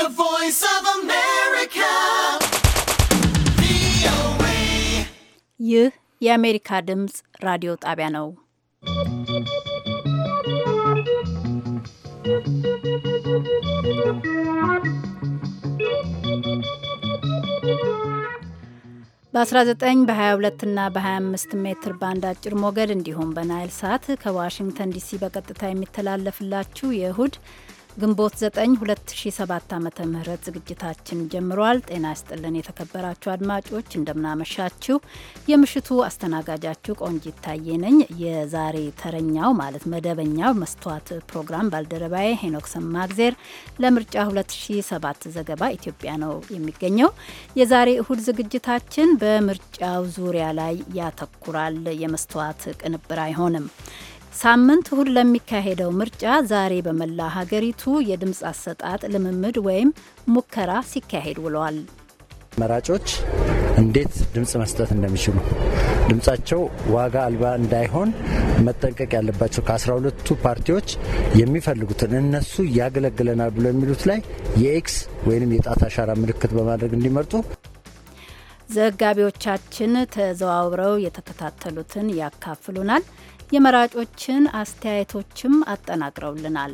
The Voice of America. ይህ የአሜሪካ ድምፅ ራዲዮ ጣቢያ ነው። በ19 በ22 እና በ25 ሜትር ባንድ አጭር ሞገድ እንዲሁም በናይል ሳት ከዋሽንግተን ዲሲ በቀጥታ የሚተላለፍላችሁ የእሁድ ግንቦት 9 2007 ዓ ም ዝግጅታችን ጀምሯል። ጤና ይስጥልን የተከበራችሁ አድማጮች እንደምናመሻችሁ። የምሽቱ አስተናጋጃችሁ ቆንጅ ታዬ ነኝ። የዛሬ ተረኛው ማለት መደበኛው መስተዋት ፕሮግራም ባልደረባዬ ሄኖክ ሰማግዜር ለምርጫ 2007 ዘገባ ኢትዮጵያ ነው የሚገኘው። የዛሬ እሁድ ዝግጅታችን በምርጫው ዙሪያ ላይ ያተኩራል። የመስተዋት ቅንብር አይሆንም። ሳምንት እሁድ ለሚካሄደው ምርጫ ዛሬ በመላ ሀገሪቱ የድምፅ አሰጣጥ ልምምድ ወይም ሙከራ ሲካሄድ ውለዋል። መራጮች እንዴት ድምፅ መስጠት እንደሚችሉ ድምፃቸው ዋጋ አልባ እንዳይሆን መጠንቀቅ ያለባቸው ከአስራ ሁለቱ ፓርቲዎች የሚፈልጉትን እነሱ ያገለግለናል ብሎ የሚሉት ላይ የኤክስ ወይም የጣት አሻራ ምልክት በማድረግ እንዲመርጡ ዘጋቢዎቻችን ተዘዋውረው የተከታተሉትን ያካፍሉናል። የመራጮችን አስተያየቶችም አጠናቅረውልናል።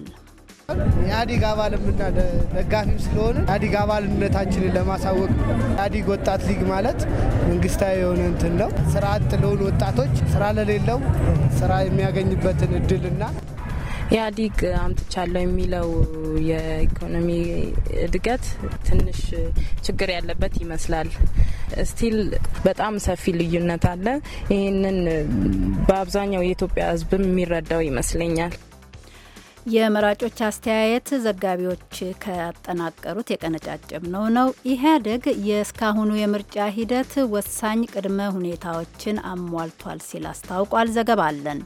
አባል አባልምና ደጋፊም ስለሆነ የአዲግ አባልነታችንን ለማሳወቅ የአዲግ ወጣት ሊግ ማለት መንግስታዊ የሆነ እንትን ነው። ስራ አጥ ለሆኑ ወጣቶች ስራ ለሌለው ስራ የሚያገኝበትን እድልና ኢህአዲግ አምጥቻለሁ የሚለው የኢኮኖሚ እድገት ትንሽ ችግር ያለበት ይመስላል። ስቲል በጣም ሰፊ ልዩነት አለ። ይህንን በአብዛኛው የኢትዮጵያ ሕዝብም የሚረዳው ይመስለኛል። የመራጮች አስተያየት ዘጋቢዎች ካጠናቀሩት የቀነጫጭም ነው። ኢህአዴግ የእስካሁኑ የምርጫ ሂደት ወሳኝ ቅድመ ሁኔታዎችን አሟልቷል ሲል አስታውቋል። ዘገባ አለን።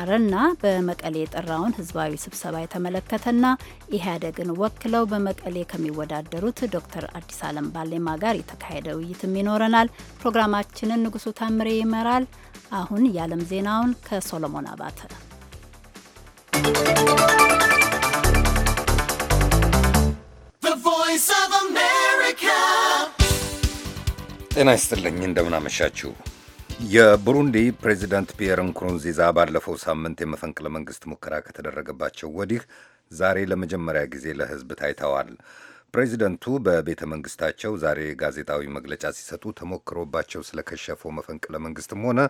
አረና በመቀሌ የጠራውን ህዝባዊ ስብሰባ የተመለከተና ኢህአዴግን ወክለው በመቀሌ ከሚወዳደሩት ዶክተር አዲስ አለም ባሌማ ጋር የተካሄደ ውይይትም ይኖረናል። ፕሮግራማችንን ንጉሱ ታምሬ ይመራል። አሁን የዓለም ዜናውን ከሶሎሞን አባተ ጤና ይስጥልኝ፣ እንደምናመሻችሁ። የቡሩንዲ ፕሬዚደንት ፒየር ንኩሩንዚዛ ባለፈው ሳምንት የመፈንቅለ መንግሥት ሙከራ ከተደረገባቸው ወዲህ ዛሬ ለመጀመሪያ ጊዜ ለሕዝብ ታይተዋል። ፕሬዚደንቱ በቤተ መንግስታቸው ዛሬ ጋዜጣዊ መግለጫ ሲሰጡ ተሞክሮባቸው ስለከሸፈው መፈንቅለ መንግስትም ሆነ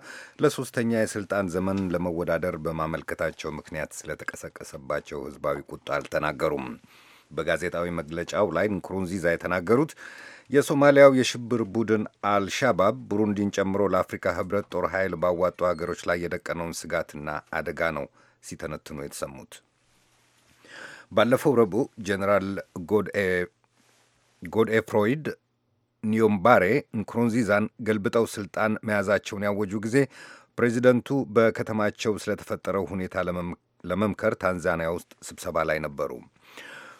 ለሶስተኛ የስልጣን ዘመን ለመወዳደር በማመልከታቸው ምክንያት ስለተቀሰቀሰባቸው ህዝባዊ ቁጣ አልተናገሩም። በጋዜጣዊ መግለጫው ላይ ንኩሩንዚዛ የተናገሩት የሶማሊያው የሽብር ቡድን አልሻባብ ቡሩንዲን ጨምሮ ለአፍሪካ ህብረት ጦር ኃይል ባዋጡ ሀገሮች ላይ የደቀነውን ስጋትና አደጋ ነው ሲተነትኑ የተሰሙት። ባለፈው ረቡዕ ጀኔራል ጎድኤ ጎድኤ ፍሮይድ ኒዮምባሬ ንኩሩንዚዛን ገልብጠው ስልጣን መያዛቸውን ያወጁ ጊዜ ፕሬዚደንቱ በከተማቸው ስለተፈጠረው ሁኔታ ለመምከር ታንዛኒያ ውስጥ ስብሰባ ላይ ነበሩ።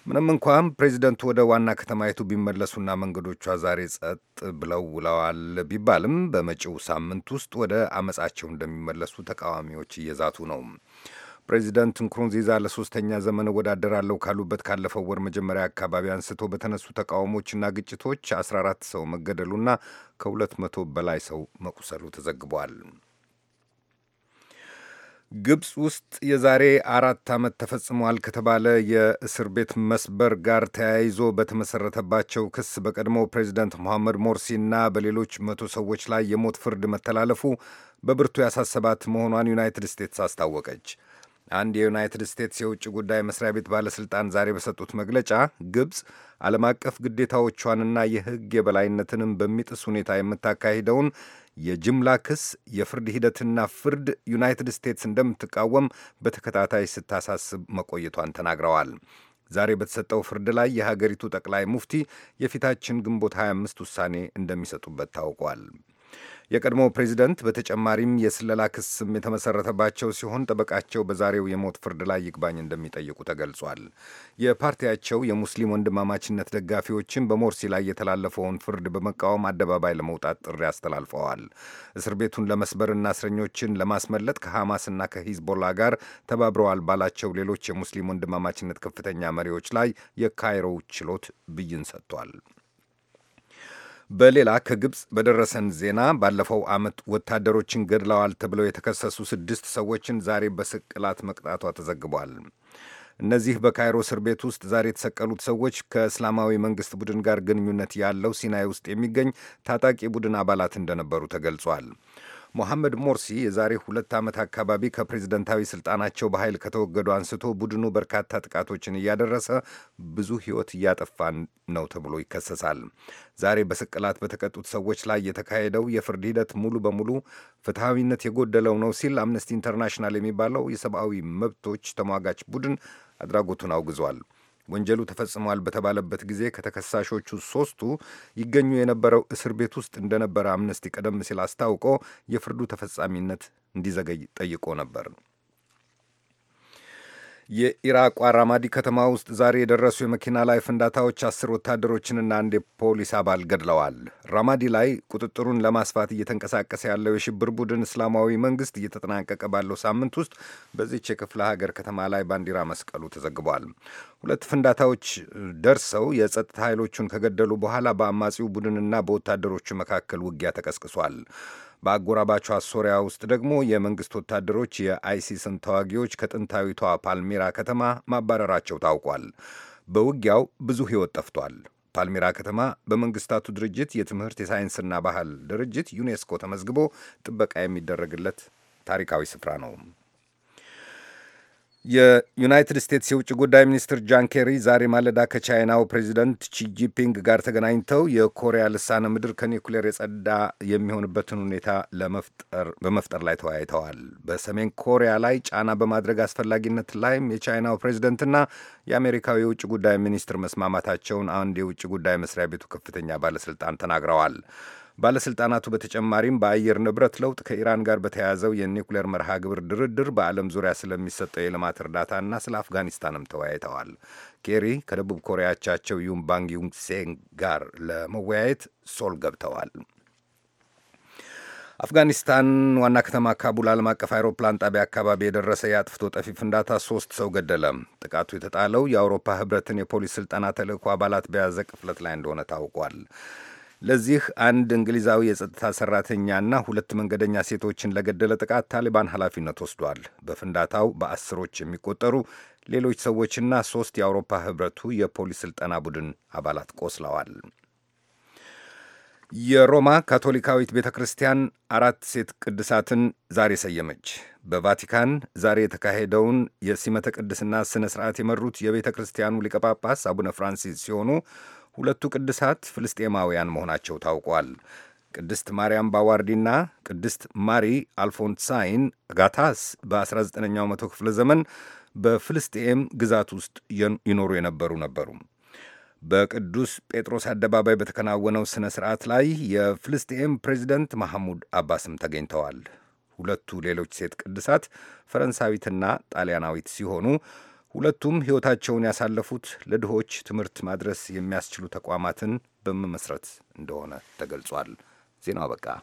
ምንም እንኳም ፕሬዚደንቱ ወደ ዋና ከተማይቱ ቢመለሱና መንገዶቿ ዛሬ ጸጥ ብለው ውለዋል ቢባልም በመጪው ሳምንት ውስጥ ወደ አመጻቸው እንደሚመለሱ ተቃዋሚዎች እየዛቱ ነው። ፕሬዚዳንት ንኩሩንዚዛ ለሶስተኛ ዘመን እወዳደራለሁ ካሉበት ካለፈው ወር መጀመሪያ አካባቢ አንስቶ በተነሱ ተቃውሞችና ግጭቶች 14 ሰው መገደሉና ከ200 በላይ ሰው መቁሰሉ ተዘግቧል። ግብፅ ውስጥ የዛሬ አራት ዓመት ተፈጽሟል ከተባለ የእስር ቤት መስበር ጋር ተያይዞ በተመሰረተባቸው ክስ በቀድሞው ፕሬዚዳንት ሞርሲ ሞርሲና በሌሎች መቶ ሰዎች ላይ የሞት ፍርድ መተላለፉ በብርቱ ያሳሰባት መሆኗን ዩናይትድ ስቴትስ አስታወቀች። አንድ የዩናይትድ ስቴትስ የውጭ ጉዳይ መስሪያ ቤት ባለሥልጣን ዛሬ በሰጡት መግለጫ ግብፅ ዓለም አቀፍ ግዴታዎቿንና የሕግ የበላይነትንም በሚጥስ ሁኔታ የምታካሂደውን የጅምላ ክስ የፍርድ ሂደትና ፍርድ ዩናይትድ ስቴትስ እንደምትቃወም በተከታታይ ስታሳስብ መቆየቷን ተናግረዋል። ዛሬ በተሰጠው ፍርድ ላይ የሀገሪቱ ጠቅላይ ሙፍቲ የፊታችን ግንቦት 25 ውሳኔ እንደሚሰጡበት ታውቋል። የቀድሞ ፕሬዚደንት በተጨማሪም የስለላ ክስም የተመሰረተባቸው ሲሆን ጠበቃቸው በዛሬው የሞት ፍርድ ላይ ይግባኝ እንደሚጠይቁ ተገልጿል። የፓርቲያቸው የሙስሊም ወንድማማችነት ደጋፊዎችን በሞርሲ ላይ የተላለፈውን ፍርድ በመቃወም አደባባይ ለመውጣት ጥሪ አስተላልፈዋል። እስር ቤቱን ለመስበርና እስረኞችን ለማስመለጥ ከሐማስና ከሂዝቦላ ጋር ተባብረዋል ባላቸው ሌሎች የሙስሊም ወንድማማችነት ከፍተኛ መሪዎች ላይ የካይሮው ችሎት ብይን ሰጥቷል። በሌላ ከግብፅ በደረሰን ዜና ባለፈው ዓመት ወታደሮችን ገድለዋል ተብለው የተከሰሱ ስድስት ሰዎችን ዛሬ በስቅላት መቅጣቷ ተዘግቧል። እነዚህ በካይሮ እስር ቤት ውስጥ ዛሬ የተሰቀሉት ሰዎች ከእስላማዊ መንግስት ቡድን ጋር ግንኙነት ያለው ሲናይ ውስጥ የሚገኝ ታጣቂ ቡድን አባላት እንደነበሩ ተገልጿል። ሞሐመድ ሞርሲ የዛሬ ሁለት ዓመት አካባቢ ከፕሬዝደንታዊ ስልጣናቸው በኃይል ከተወገዱ አንስቶ ቡድኑ በርካታ ጥቃቶችን እያደረሰ ብዙ ሕይወት እያጠፋ ነው ተብሎ ይከሰሳል። ዛሬ በስቅላት በተቀጡት ሰዎች ላይ የተካሄደው የፍርድ ሂደት ሙሉ በሙሉ ፍትሐዊነት የጎደለው ነው ሲል አምነስቲ ኢንተርናሽናል የሚባለው የሰብአዊ መብቶች ተሟጋች ቡድን አድራጎቱን አውግዟል። ወንጀሉ ተፈጽሟል በተባለበት ጊዜ ከተከሳሾቹ ሶስቱ ይገኙ የነበረው እስር ቤት ውስጥ እንደነበረ አምነስቲ ቀደም ሲል አስታውቆ የፍርዱ ተፈጻሚነት እንዲዘገይ ጠይቆ ነበር። የኢራቋ ራማዲ ከተማ ውስጥ ዛሬ የደረሱ የመኪና ላይ ፍንዳታዎች አስር ወታደሮችንና አንድ የፖሊስ አባል ገድለዋል። ራማዲ ላይ ቁጥጥሩን ለማስፋት እየተንቀሳቀሰ ያለው የሽብር ቡድን እስላማዊ መንግስት እየተጠናቀቀ ባለው ሳምንት ውስጥ በዚች የክፍለ ሀገር ከተማ ላይ ባንዲራ መስቀሉ ተዘግቧል። ሁለት ፍንዳታዎች ደርሰው የጸጥታ ኃይሎቹን ከገደሉ በኋላ በአማጺው ቡድንና በወታደሮቹ መካከል ውጊያ ተቀስቅሷል። በአጎራባቿ ሶሪያ ውስጥ ደግሞ የመንግሥት ወታደሮች የአይሲስን ተዋጊዎች ከጥንታዊቷ ፓልሚራ ከተማ ማባረራቸው ታውቋል። በውጊያው ብዙ ሕይወት ጠፍቷል። ፓልሚራ ከተማ በመንግስታቱ ድርጅት የትምህርት የሳይንስና ባህል ድርጅት ዩኔስኮ ተመዝግቦ ጥበቃ የሚደረግለት ታሪካዊ ስፍራ ነው። የዩናይትድ ስቴትስ የውጭ ጉዳይ ሚኒስትር ጃን ኬሪ ዛሬ ማለዳ ከቻይናው ፕሬዚደንት ቺጂፒንግ ጋር ተገናኝተው የኮሪያ ልሳነ ምድር ከኒውክሌር የጸዳ የሚሆንበትን ሁኔታ በመፍጠር ላይ ተወያይተዋል። በሰሜን ኮሪያ ላይ ጫና በማድረግ አስፈላጊነት ላይም የቻይናው ፕሬዚደንትና የአሜሪካው የውጭ ጉዳይ ሚኒስትር መስማማታቸውን አንድ የውጭ ጉዳይ መስሪያ ቤቱ ከፍተኛ ባለስልጣን ተናግረዋል። ባለሥልጣናቱ በተጨማሪም በአየር ንብረት ለውጥ ከኢራን ጋር በተያያዘው የኒውክሌር መርሃ ግብር ድርድር፣ በዓለም ዙሪያ ስለሚሰጠው የልማት እርዳታና ስለ አፍጋኒስታንም ተወያይተዋል። ኬሪ ከደቡብ ኮሪያቻቸው ዩምባንግ ዩንግሴን ጋር ለመወያየት ሶል ገብተዋል። አፍጋኒስታን ዋና ከተማ ካቡል ዓለም አቀፍ አይሮፕላን ጣቢያ አካባቢ የደረሰ የአጥፍቶ ጠፊ ፍንዳታ ሶስት ሰው ገደለ። ጥቃቱ የተጣለው የአውሮፓ ህብረትን የፖሊስ ስልጠና ተልዕኮ አባላት በያዘ ቅፍለት ላይ እንደሆነ ታውቋል። ለዚህ አንድ እንግሊዛዊ የጸጥታ ሰራተኛና ሁለት መንገደኛ ሴቶችን ለገደለ ጥቃት ታሊባን ኃላፊነት ወስዷል። በፍንዳታው በአስሮች የሚቆጠሩ ሌሎች ሰዎችና ሦስት የአውሮፓ ህብረቱ የፖሊስ ሥልጠና ቡድን አባላት ቆስለዋል። የሮማ ካቶሊካዊት ቤተ ክርስቲያን አራት ሴት ቅድሳትን ዛሬ ሰየመች። በቫቲካን ዛሬ የተካሄደውን የሲመተ ቅድስና ሥነ ሥርዓት የመሩት የቤተ ክርስቲያኑ ሊቀ ጳጳስ አቡነ ፍራንሲስ ሲሆኑ ሁለቱ ቅድሳት ፍልስጤማውያን መሆናቸው ታውቋል። ቅድስት ማርያም ባዋርዲና ቅድስት ማሪ አልፎንሳይን ጋታስ በ19ኛው መቶ ክፍለ ዘመን በፍልስጤም ግዛት ውስጥ ይኖሩ የነበሩ ነበሩ። በቅዱስ ጴጥሮስ አደባባይ በተከናወነው ሥነ ሥርዓት ላይ የፍልስጤም ፕሬዚደንት መሐሙድ አባስም ተገኝተዋል። ሁለቱ ሌሎች ሴት ቅድሳት ፈረንሳዊትና ጣሊያናዊት ሲሆኑ ሁለቱም ሕይወታቸውን ያሳለፉት ለድሆች ትምህርት ማድረስ የሚያስችሉ ተቋማትን በመመስረት እንደሆነ ተገልጿል። ዜናው አበቃ።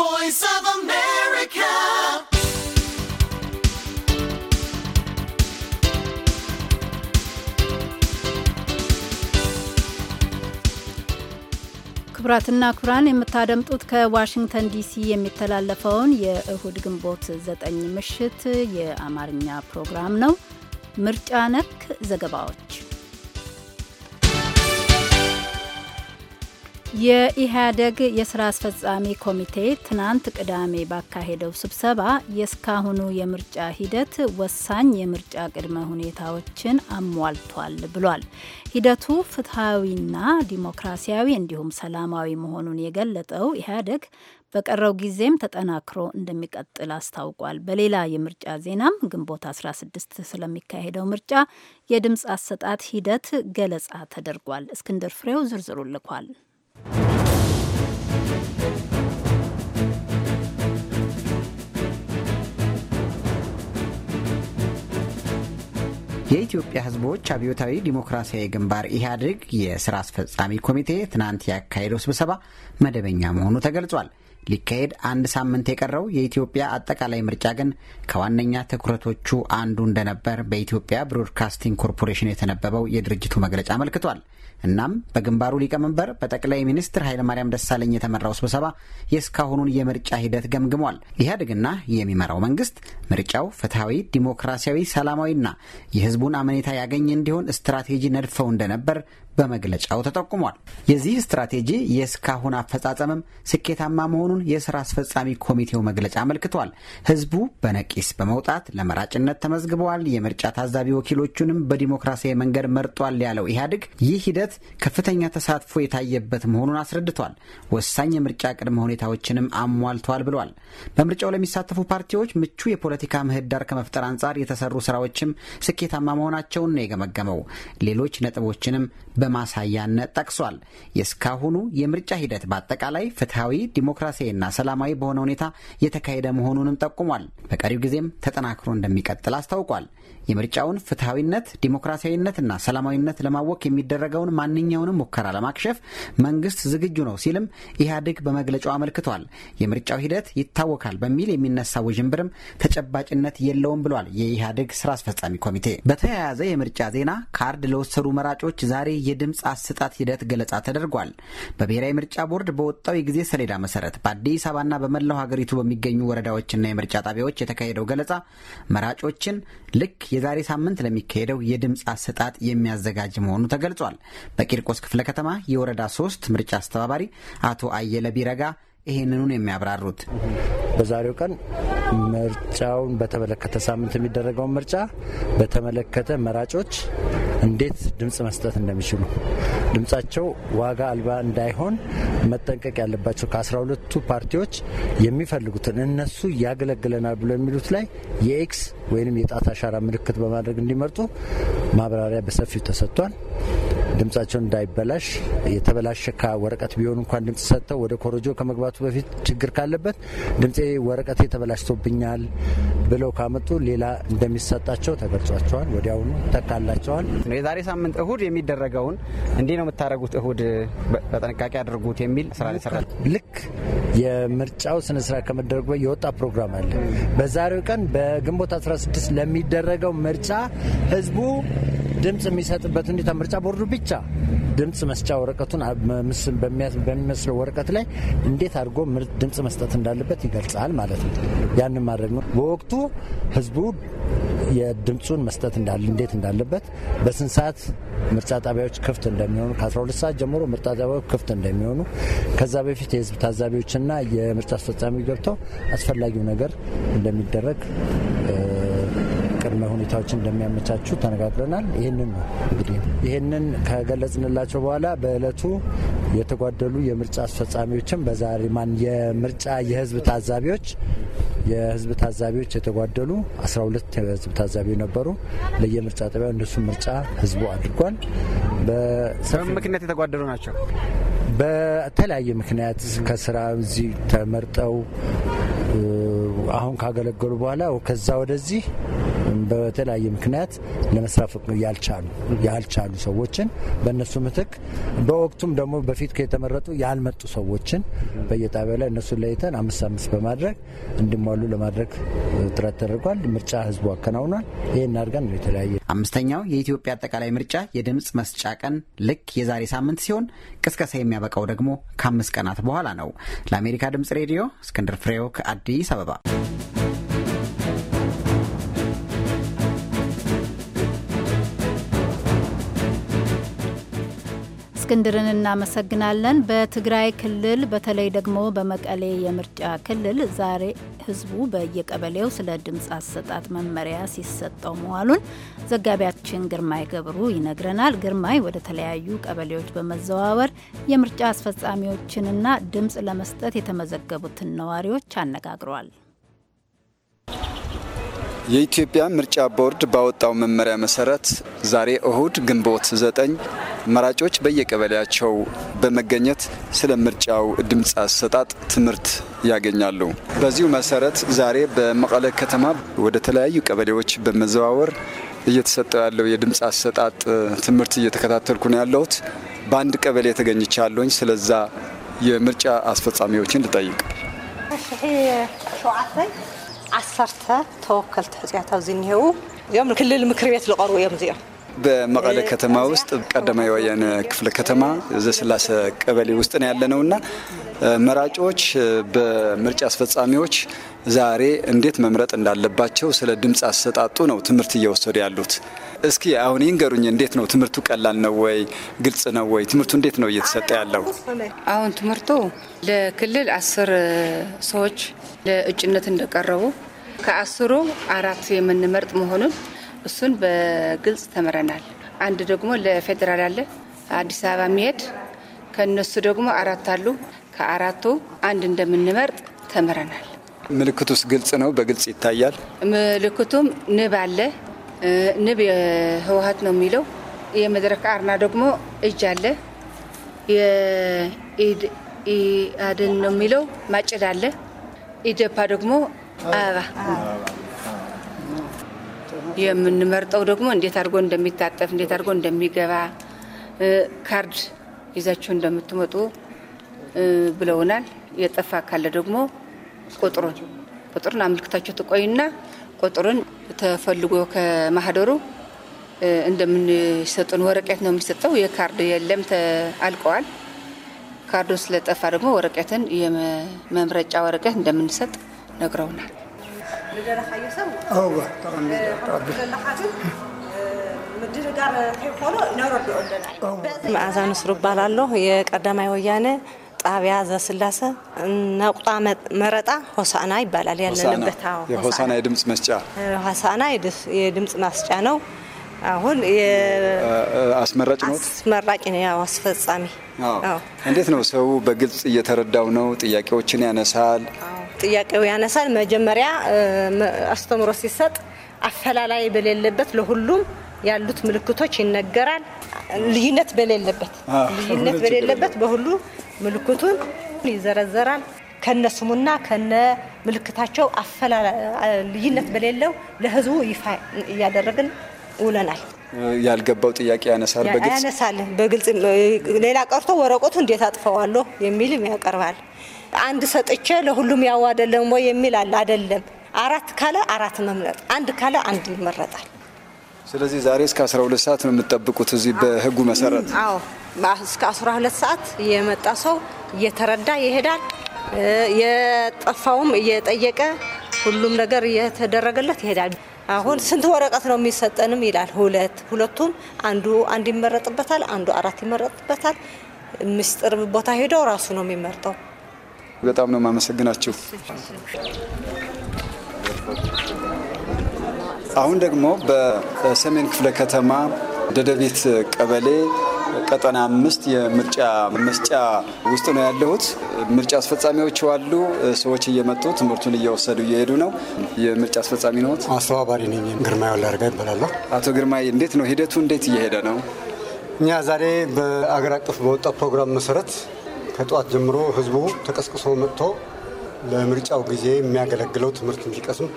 ቮይስ ኦፍ አሜሪካ ክቡራትና ክቡራን የምታደምጡት ከዋሽንግተን ዲሲ የሚተላለፈውን የእሁድ ግንቦት ዘጠኝ ምሽት የአማርኛ ፕሮግራም ነው። ምርጫ ነክ ዘገባዎች የኢህአደግ የስራ አስፈጻሚ ኮሚቴ ትናንት ቅዳሜ ባካሄደው ስብሰባ የእስካሁኑ የምርጫ ሂደት ወሳኝ የምርጫ ቅድመ ሁኔታዎችን አሟልቷል ብሏል። ሂደቱ ፍትሐዊና ዲሞክራሲያዊ እንዲሁም ሰላማዊ መሆኑን የገለጠው ኢህአደግ በቀረው ጊዜም ተጠናክሮ እንደሚቀጥል አስታውቋል። በሌላ የምርጫ ዜናም ግንቦት 16 ስለሚካሄደው ምርጫ የድምፅ አሰጣት ሂደት ገለጻ ተደርጓል። እስክንድር ፍሬው ዝርዝሩ ልኳል። የኢትዮጵያ ሕዝቦች አብዮታዊ ዲሞክራሲያዊ ግንባር ኢህአዴግ የስራ አስፈጻሚ ኮሚቴ ትናንት ያካሄደው ስብሰባ መደበኛ መሆኑ ተገልጿል። ሊካሄድ አንድ ሳምንት የቀረው የኢትዮጵያ አጠቃላይ ምርጫ ግን ከዋነኛ ትኩረቶቹ አንዱ እንደነበር በኢትዮጵያ ብሮድካስቲንግ ኮርፖሬሽን የተነበበው የድርጅቱ መግለጫ አመልክቷል። እናም በግንባሩ ሊቀመንበር በጠቅላይ ሚኒስትር ኃይለማርያም ደሳለኝ የተመራው ስብሰባ የእስካሁኑን የምርጫ ሂደት ገምግሟል። ኢህአዴግና የሚመራው መንግስት ምርጫው ፍትሐዊ፣ ዲሞክራሲያዊ፣ ሰላማዊና የህዝቡን አመኔታ ያገኝ እንዲሆን ስትራቴጂ ነድፈው እንደነበር በመግለጫው ተጠቁሟል። የዚህ ስትራቴጂ የእስካሁን አፈጻጸምም ስኬታማ መሆኑን የስራ አስፈጻሚ ኮሚቴው መግለጫ አመልክቷል። ህዝቡ በነቂስ በመውጣት ለመራጭነት ተመዝግበዋል፣ የምርጫ ታዛቢ ወኪሎቹንም በዲሞክራሲያዊ መንገድ መርጧል ያለው ኢህአዴግ ይህ ሂደት ከፍተኛ ተሳትፎ የታየበት መሆኑን አስረድቷል። ወሳኝ የምርጫ ቅድመ ሁኔታዎችንም አሟልተዋል ብሏል። በምርጫው ለሚሳተፉ ፓርቲዎች ምቹ የፖለቲካ ምህዳር ከመፍጠር አንጻር የተሰሩ ስራዎችም ስኬታማ መሆናቸውን ነው የገመገመው። ሌሎች ነጥቦችንም በ በማሳያነት ጠቅሷል። የእስካሁኑ የምርጫ ሂደት በአጠቃላይ ፍትሐዊ፣ ዲሞክራሲያዊና ሰላማዊ በሆነ ሁኔታ የተካሄደ መሆኑንም ጠቁሟል። በቀሪው ጊዜም ተጠናክሮ እንደሚቀጥል አስታውቋል። የምርጫውን ፍትሐዊነት፣ ዲሞክራሲያዊነትና ሰላማዊነት ለማወክ የሚደረገውን ማንኛውንም ሙከራ ለማክሸፍ መንግስት ዝግጁ ነው ሲልም ኢህአዴግ በመግለጫው አመልክቷል። የምርጫው ሂደት ይታወካል በሚል የሚነሳ ውዥንብርም ተጨባጭነት የለውም ብሏል የኢህአዴግ ስራ አስፈጻሚ ኮሚቴ። በተያያዘ የምርጫ ዜና ካርድ ለወሰዱ መራጮች ዛሬ የድምፅ አስጣት ሂደት ገለጻ ተደርጓል። በብሔራዊ ምርጫ ቦርድ በወጣው የጊዜ ሰሌዳ መሰረት በአዲስ አበባና በመላው ሀገሪቱ በሚገኙ ወረዳዎችና የምርጫ ጣቢያዎች የተካሄደው ገለጻ መራጮችን ልክ የዛሬ ሳምንት ለሚካሄደው የድምፅ አሰጣጥ የሚያዘጋጅ መሆኑ ተገልጿል። በቂርቆስ ክፍለ ከተማ የወረዳ ሶስት ምርጫ አስተባባሪ አቶ አየለ ቢረጋ ይህንኑን የሚያብራሩት በዛሬው ቀን ምርጫውን በተመለከተ ሳምንት የሚደረገውን ምርጫ በተመለከተ መራጮች እንዴት ድምፅ መስጠት እንደሚችሉ ድምፃቸው ዋጋ አልባ እንዳይሆን መጠንቀቅ ያለባቸው ከአስራ ሁለቱ ፓርቲዎች የሚፈልጉትን እነሱ ያገለግለናል ብሎ የሚሉት ላይ የኤክስ ወይም የጣት አሻራ ምልክት በማድረግ እንዲመርጡ ማብራሪያ በሰፊው ተሰጥቷል። ድምጻቸውን እንዳይበላሽ የተበላሸ ከወረቀት ቢሆን እንኳን ድምፅ ሰጥተው ወደ ኮረጆ ከመግባቱ በፊት ችግር ካለበት ድምፄ ወረቀቴ ተበላሽቶብኛል ብለው ካመጡ ሌላ እንደሚሰጣቸው ተገልጿቸዋል። ወዲያውኑ ተካላቸዋል። የዛሬ ሳምንት እሁድ የሚደረገውን እንዲህ ነው የምታደርጉት፣ እሁድ በጥንቃቄ አድርጉት የሚል ስራ ይሰራል። ልክ የምርጫው ስነስርዓት ከመደረጉ የወጣ ፕሮግራም አለ። በዛሬው ቀን በግንቦት 16 ለሚደረገው ምርጫ ህዝቡ ድምፅ የሚሰጥበት ሁኔታ ምርጫ ቦርዱ ብቻ ድምፅ መስጫ ወረቀቱን በሚመስለው ወረቀት ላይ እንዴት አድርጎ ምርጥ ድምፅ መስጠት እንዳለበት ይገልጻል ማለት ነው። ያንን ማድረግ ነው። በወቅቱ ህዝቡ የድምፁን መስጠት እንዴት እንዳለበት በስንት ሰዓት ምርጫ ጣቢያዎች ክፍት እንደሚሆኑ ከ12 ሰዓት ጀምሮ ምርጫ ጣቢያዎች ክፍት እንደሚሆኑ ከዛ በፊት የህዝብ ታዛቢዎችና የምርጫ አስፈጻሚ ገብተው አስፈላጊው ነገር እንደሚደረግ ቅድመ ሁኔታዎች እንደሚያመቻቹ ተነጋግረናል። ይህንን ነው እንግዲህ ይህንን ከገለጽንላቸው በኋላ በእለቱ የተጓደሉ የምርጫ አስፈጻሚዎችም በዛሬ ማን የምርጫ የህዝብ ታዛቢዎች የህዝብ ታዛቢዎች የተጓደሉ 12 የህዝብ ታዛቢ ነበሩ። ለየምርጫ ጣቢያው እንደሱ ምርጫ ህዝቡ አድርጓል። በምን ምክንያት የተጓደሉ ናቸው? በተለያየ ምክንያት ከስራ እዚህ ተመርጠው አሁን ካገለገሉ በኋላ ከዛ ወደዚህ በተለያየ ምክንያት ለመስራት ያልቻሉ ያልቻሉ ሰዎችን በእነሱ ምትክ በወቅቱም ደግሞ በፊት የተመረጡ ያልመጡ ሰዎችን በየጣቢያ ላይ እነሱን ለይተን አምስት አምስት በማድረግ እንዲሟሉ ለማድረግ ጥረት ተደርጓል። ምርጫ ህዝቡ አከናውኗል። ይህን አድርገን ነው የተለያየ አምስተኛው የኢትዮጵያ አጠቃላይ ምርጫ የድምፅ መስጫ ቀን ልክ የዛሬ ሳምንት ሲሆን ቅስቀሳ የሚያበቃው ደግሞ ከአምስት ቀናት በኋላ ነው። ለአሜሪካ ድምፅ ሬዲዮ እስክንድር ፍሬው ከአዲስ አበባ እስክንድርን እናመሰግናለን። በትግራይ ክልል በተለይ ደግሞ በመቀሌ የምርጫ ክልል ዛሬ ህዝቡ በየቀበሌው ስለ ድምፅ አሰጣጥ መመሪያ ሲሰጠው መዋሉን ዘጋቢያችን ግርማይ ገብሩ ይነግረናል። ግርማይ ወደ ተለያዩ ቀበሌዎች በመዘዋወር የምርጫ አስፈጻሚዎችንና ድምፅ ለመስጠት የተመዘገቡትን ነዋሪዎች አነጋግሯል። የኢትዮጵያ ምርጫ ቦርድ ባወጣው መመሪያ መሰረት ዛሬ እሁድ ግንቦት ዘጠኝ መራጮች በየቀበሌያቸው በመገኘት ስለ ምርጫው ድምፅ አሰጣጥ ትምህርት ያገኛሉ። በዚሁ መሰረት ዛሬ በመቀለ ከተማ ወደ ተለያዩ ቀበሌዎች በመዘዋወር እየተሰጠው ያለው የድምፅ አሰጣጥ ትምህርት እየተከታተልኩ ነው ያለሁት። በአንድ ቀበሌ ተገኝቻለሁኝ። ስለዛ የምርጫ አስፈጻሚዎችን ልጠይቅ ዓሰርተ ተወከልቲ ሕፅያት ሕፅያታዊ ዝኒሄው እዚኦም ንክልል ምክር ቤት ዝቐርቡ እዮም እዚኦም በመቐለ ከተማ ውስጥ ቀዳማይ ወያነ ክፍለ ከተማ ዘስላሴ ቀበሌ ውስጥ ነው ያለነውና መራጮች በምርጫ አስፈጻሚዎች ዛሬ እንዴት መምረጥ እንዳለባቸው ስለ ድምፅ አሰጣጡ ነው ትምህርት እየወሰዱ ያሉት። እስኪ አሁን ይንገሩኝ፣ እንዴት ነው ትምህርቱ? ቀላል ነው ወይ? ግልጽ ነው ወይ? ትምህርቱ እንዴት ነው እየተሰጠ ያለው? አሁን ትምህርቱ ለክልል አስር ሰዎች ለእጩነት እንደቀረቡ ከአስሩ አራት የምንመርጥ መሆኑን እሱን በግልጽ ተምረናል። አንድ ደግሞ ለፌዴራል አለ አዲስ አበባ የሚሄድ ከነሱ ደግሞ አራት አሉ። ከአራቱ አንድ እንደምንመርጥ ተምረናል። ምልክቱስ ግልጽ ነው፣ በግልጽ ይታያል። ምልክቱም ንብ አለ። ንብ የህወሀት ነው የሚለው የመድረክ አርና ደግሞ እጅ አለ። የኢአድን ነው የሚለው ማጭድ አለ። ኢደፓ ደግሞ አበባ የምንመርጠው ደግሞ እንዴት አድርጎ እንደሚታጠፍ እንዴት አድርጎ እንደሚገባ ካርድ ይዛችሁ እንደምትመጡ ብለውናል። የጠፋ ካለ ደግሞ ቁጥሩን ቁጥሩን አመልክታችሁ ትቆዩና ቁጥሩን ተፈልጎ ከማህደሩ እንደምንሰጡን ወረቀት ነው የሚሰጠው። የካርድ የለም አልቀዋል። ካርዶ ስለጠፋ ደግሞ ወረቀትን የመምረጫ ወረቀት እንደምንሰጥ ነግረውናል። መዓዛ ንስሩ ይባላለሁ የቀዳማይ ወያነ ጣቢያ ዘስላሴ ነቁጣ መረጣ ሆሳና ይባላል ያለንበት። ሆሳና የድምፅ መስጫ ሆሳና የድምፅ ማስጫ ነው። አሁን አስመራጭ ነው አስመራጭ ነው ያው አስፈጻሚ። እንዴት ነው ሰው በግልጽ እየተረዳው ነው? ጥያቄዎችን ያነሳል ጥያቄው ያነሳል። መጀመሪያ አስተምሮ ሲሰጥ አፈላላይ በሌለበት ለሁሉም ያሉት ምልክቶች ይነገራል። ልዩነት በሌለበት ልዩነት በሌለበት በሁሉ ምልክቱን ይዘረዘራል። ከነ ስሙና ከነ ምልክታቸው አፈላ ልዩነት በሌለው ለህዝቡ ይፋ እያደረግን ውለናል። ያልገባው ጥያቄ ያነሳል ያነሳል በግልጽ ሌላ ቀርቶ ወረቀቱ እንዴት አጥፈዋለሁ የሚልም ያቀርባል። አንድ ሰጥቼ ለሁሉም ያው አይደለም ወይ የሚል አለ። አይደለም አራት ካለ አራት መምረጥ፣ አንድ ካለ አንድ ይመረጣል። ስለዚህ ዛሬ እስከ 12 ሰዓት ነው የምትጠብቁት እዚህ በህጉ መሰረት? አዎ። እስከ 12 ሰዓት የመጣ ሰው እየተረዳ ይሄዳል። የጠፋውም እየጠየቀ ሁሉም ነገር እየተደረገለት ይሄዳል። አሁን ስንት ወረቀት ነው የሚሰጠንም ይላል። ሁለት ሁለቱም አንዱ አንድ ይመረጥበታል፣ አንዱ አራት ይመረጥበታል። ምስጢር ቦታ ሄደው ራሱ ነው የሚመርጠው። በጣም ነው የማመሰግናችሁ። አሁን ደግሞ በሰሜን ክፍለ ከተማ ደደቤት ቀበሌ ቀጠና አምስት የምርጫ መስጫ ውስጥ ነው ያለሁት። ምርጫ አስፈጻሚዎች አሉ። ሰዎች እየመጡ ትምህርቱን እየወሰዱ እየሄዱ ነው። የምርጫ አስፈጻሚ ነዎት? አስተባባሪ ነኝ። ግርማ ወላርጋ ይባላለሁ። አቶ ግርማ፣ እንዴት ነው ሂደቱ? እንዴት እየሄደ ነው? እኛ ዛሬ በአገር አቀፍ በወጣ ፕሮግራም መሰረት ከጠዋት ጀምሮ ህዝቡ ተቀስቅሶ መጥቶ ለምርጫው ጊዜ የሚያገለግለው ትምህርት እንዲቀስም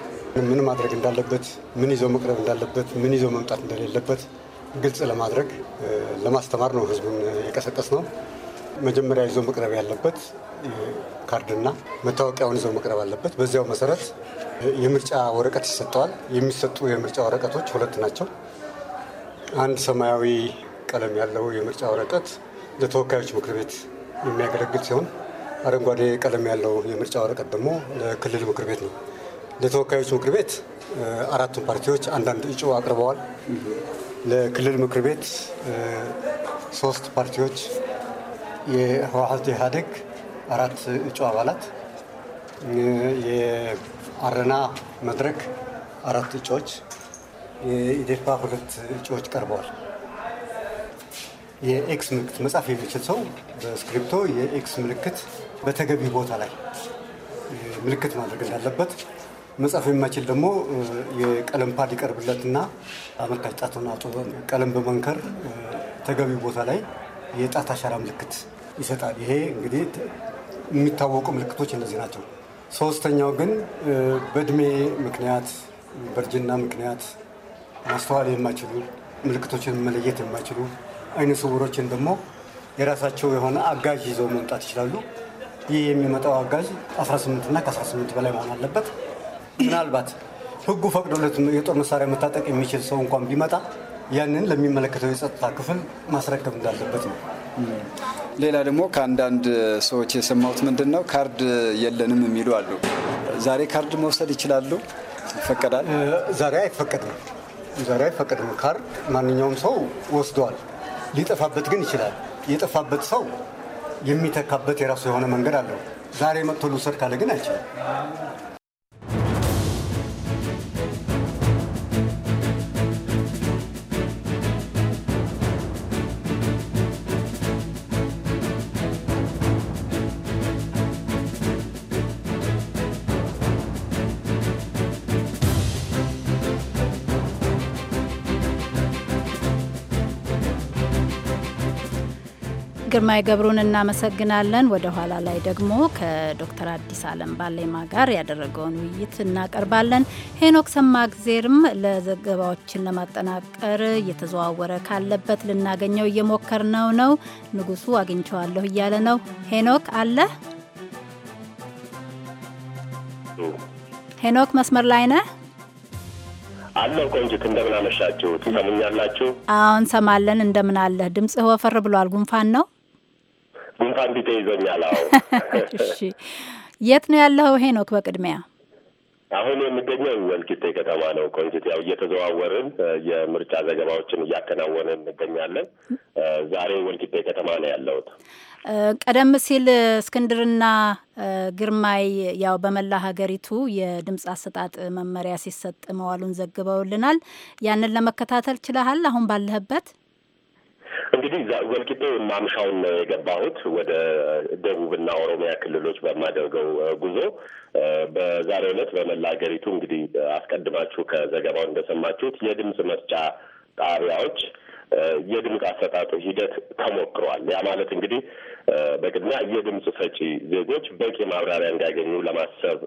ምን ማድረግ እንዳለበት፣ ምን ይዞ መቅረብ እንዳለበት፣ ምን ይዞ መምጣት እንደሌለበት ግልጽ ለማድረግ ለማስተማር ነው ህዝቡን የቀሰቀስ ነው። መጀመሪያ ይዞ መቅረብ ያለበት ካርድና መታወቂያውን ይዞ መቅረብ አለበት። በዚያው መሰረት የምርጫ ወረቀት ይሰጠዋል። የሚሰጡ የምርጫ ወረቀቶች ሁለት ናቸው። አንድ ሰማያዊ ቀለም ያለው የምርጫ ወረቀት ለተወካዮች ምክር ቤት የሚያገለግል ሲሆን አረንጓዴ ቀለም ያለው የምርጫ ወረቀት ደግሞ ለክልል ምክር ቤት ነው። ለተወካዮች ምክር ቤት አራቱን ፓርቲዎች አንዳንድ እጩ አቅርበዋል። ለክልል ምክር ቤት ሶስት ፓርቲዎች የህወሀት ኢህአዴግ አራት እጩ አባላት የአረና መድረክ አራት እጩዎች የኢዴፓ ሁለት እጩዎች ቀርበዋል። የኤክስ ምልክት መጻፍ የሚችል ሰው በስክሪፕቶ የኤክስ ምልክት በተገቢ ቦታ ላይ ምልክት ማድረግ እንዳለበት መጻፍ የማይችል ደግሞ የቀለም ፓድ ይቀርብለትና አመልካች ጣቱን አውጥቶ ቀለም በመንከር ተገቢ ቦታ ላይ የጣት አሻራ ምልክት ይሰጣል። ይሄ እንግዲህ የሚታወቁ ምልክቶች እነዚህ ናቸው። ሶስተኛው ግን በእድሜ ምክንያት በእርጅና ምክንያት ማስተዋል የማይችሉ ምልክቶችን መለየት የማይችሉ አይነ ስውሮችን ደግሞ የራሳቸው የሆነ አጋዥ ይዘው መምጣት ይችላሉ። ይህ የሚመጣው አጋዥ 18 እና ከ18 በላይ መሆን አለበት። ምናልባት ህጉ ፈቅዶለት የጦር መሳሪያ መታጠቅ የሚችል ሰው እንኳን ቢመጣ ያንን ለሚመለከተው የጸጥታ ክፍል ማስረከብ እንዳለበት ነው። ሌላ ደግሞ ከአንዳንድ ሰዎች የሰማሁት ምንድን ነው ካርድ የለንም የሚሉ አሉ። ዛሬ ካርድ መውሰድ ይችላሉ? ይፈቀዳል? ዛሬ አይፈቀድም። ዛሬ አይፈቀድም። ካርድ ማንኛውም ሰው ወስደዋል። ሊጠፋበት ግን ይችላል። የጠፋበት ሰው የሚተካበት የራሱ የሆነ መንገድ አለው። ዛሬ መጥቶ ልውሰድ ካለ ግን አይችልም። ግርማይ ገብሩን እናመሰግናለን። ወደ ኋላ ላይ ደግሞ ከዶክተር አዲስ አለም ባሌማ ጋር ያደረገውን ውይይት እናቀርባለን። ሄኖክ ሰማእግዜርም ለዘገባዎችን ለማጠናቀር እየተዘዋወረ ካለበት ልናገኘው እየሞከር ነው። ንጉሱ አግኝቸዋለሁ እያለ ነው። ሄኖክ አለ? ሄኖክ መስመር ላይ ነህ? አለው ቆንጅት፣ እንደምን አመሻችሁ? ትሰሙኛላችሁ? አሁን ሰማለን። እንደምን አለህ? ድምጽህ ወፈር ብሏል። ጉንፋን ነው? ጉንፋን ቢጤ ይዞኛል። አዎ። እሺ፣ የት ነው ያለኸው ሄኖክ? በቅድሚያ አሁን የምገኘው ወልቂጤ ከተማ ነው። ቆንጅት፣ ያው እየተዘዋወርን የምርጫ ዘገባዎችን እያከናወንን እንገኛለን። ዛሬ ወልቂጤ ከተማ ነው ያለሁት። ቀደም ሲል እስክንድርና ግርማይ ያው በመላ ሀገሪቱ የድምፅ አሰጣጥ መመሪያ ሲሰጥ መዋሉን ዘግበውልናል። ያንን ለመከታተል ችለሃል አሁን ባለህበት? እንግዲህ ወልቂጤ ማምሻውን ነው የገባሁት ወደ ደቡብና ኦሮሚያ ክልሎች በማደርገው ጉዞ በዛሬ ዕለት በመላ ሀገሪቱ እንግዲህ አስቀድማችሁ ከዘገባው እንደሰማችሁት የድምፅ መስጫ ጣቢያዎች የድምፅ አሰጣጡ ሂደት ተሞክሯል። ያ ማለት እንግዲህ በቅድሚያ የድምፅ ሰጪ ዜጎች በቂ ማብራሪያ እንዲያገኙ ለማሰብ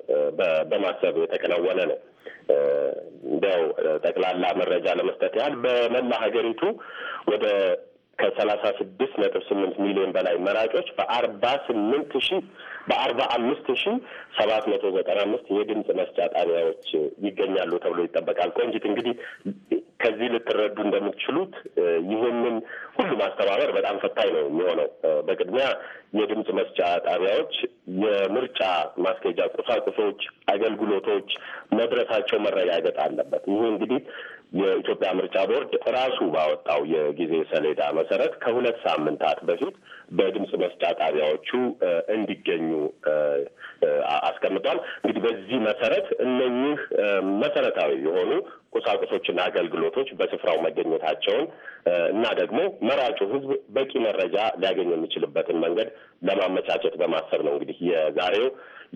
በማሰብ የተከናወነ ነው። እንዲያው ጠቅላላ መረጃ ለመስጠት ያህል በመላ ሀገሪቱ ወደ ከሰላሳ ስድስት ነጥብ ስምንት ሚሊዮን በላይ መራጮች በአርባ ስምንት ሺ በአርባ አምስት ሺ ሰባት መቶ ዘጠና አምስት የድምፅ መስጫ ጣቢያዎች ይገኛሉ ተብሎ ይጠበቃል። ቆንጂት እንግዲህ ከዚህ ልትረዱ እንደምትችሉት ይህንን ሁሉ ማስተባበር በጣም ፈታኝ ነው የሚሆነው። በቅድሚያ የድምፅ መስጫ ጣቢያዎች የምርጫ ማስኬጃ ቁሳቁሶች፣ አገልግሎቶች መድረሳቸው መረጋገጥ አለበት። ይህ እንግዲህ የኢትዮጵያ ምርጫ ቦርድ ራሱ ባወጣው የጊዜ ሰሌዳ መሰረት ከሁለት ሳምንታት በፊት በድምፅ መስጫ ጣቢያዎቹ እንዲገኙ አስቀምጧል። እንግዲህ በዚህ መሰረት እነኚህ መሰረታዊ የሆኑ ቁሳቁሶችና አገልግሎቶች በስፍራው መገኘታቸውን እና ደግሞ መራጩ ሕዝብ በቂ መረጃ ሊያገኝ የሚችልበትን መንገድ ለማመቻቸት በማሰብ ነው እንግዲህ የዛሬው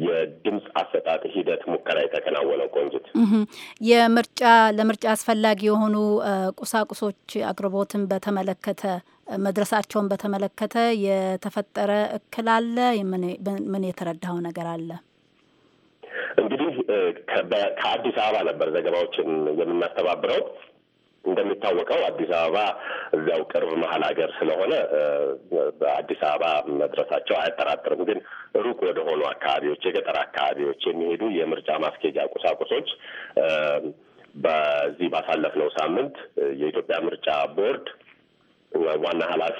የድምፅ አሰጣጥ ሂደት ሙከራ የተከናወነው። ቆንጅት የምርጫ ለምርጫ አስፈላጊ የሆኑ ቁሳቁሶች አቅርቦትን በተመለከተ መድረሳቸውን በተመለከተ የተፈጠረ እክል አለ? ምን የተረዳው ነገር አለ? እንግዲህ ከአዲስ አበባ ነበር ዘገባዎችን የምናስተባብረው። እንደሚታወቀው አዲስ አበባ እዚያው ቅርብ መሀል ሀገር ስለሆነ በአዲስ አበባ መድረሳቸው አያጠራጥርም። ግን ሩቅ ወደሆኑ አካባቢዎች፣ የገጠር አካባቢዎች የሚሄዱ የምርጫ ማስኬጃ ቁሳቁሶች በዚህ ባሳለፍነው ሳምንት የኢትዮጵያ ምርጫ ቦርድ ዋና ኃላፊ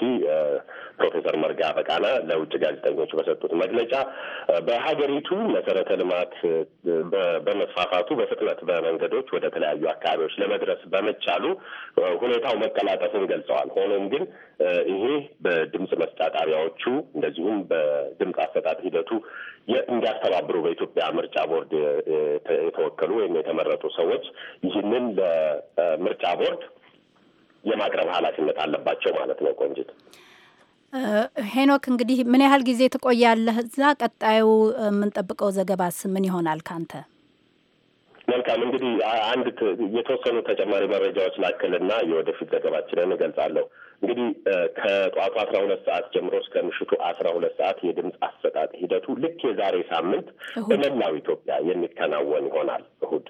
ፕሮፌሰር መርጋ በቃና ለውጭ ጋዜጠኞች በሰጡት መግለጫ በሀገሪቱ መሰረተ ልማት በመስፋፋቱ በፍጥነት በመንገዶች ወደ ተለያዩ አካባቢዎች ለመድረስ በመቻሉ ሁኔታው መቀላጠፉን ገልጸዋል። ሆኖም ግን ይሄ በድምፅ መስጫ ጣቢያዎቹ እንደዚሁም በድምፅ አሰጣጥ ሂደቱ እንዲያስተባብሩ በኢትዮጵያ ምርጫ ቦርድ የተወከሉ ወይም የተመረጡ ሰዎች ይህንን ለምርጫ ቦርድ የማቅረብ ኃላፊነት አለባቸው ማለት ነው። ቆንጅት ሄኖክ፣ እንግዲህ ምን ያህል ጊዜ ትቆያለህ እዛ? ቀጣዩ የምንጠብቀው ዘገባስ ምን ይሆናል ካንተ? መልካም እንግዲህ አንድ የተወሰኑ ተጨማሪ መረጃዎች ላክልና የወደፊት ዘገባችንን እገልጻለሁ። እንግዲህ ከጠዋቱ አስራ ሁለት ሰዓት ጀምሮ እስከ ምሽቱ አስራ ሁለት ሰዓት የድምፅ አሰጣጥ ሂደቱ ልክ የዛሬ ሳምንት በመላው ኢትዮጵያ የሚከናወን ይሆናል። እሁድ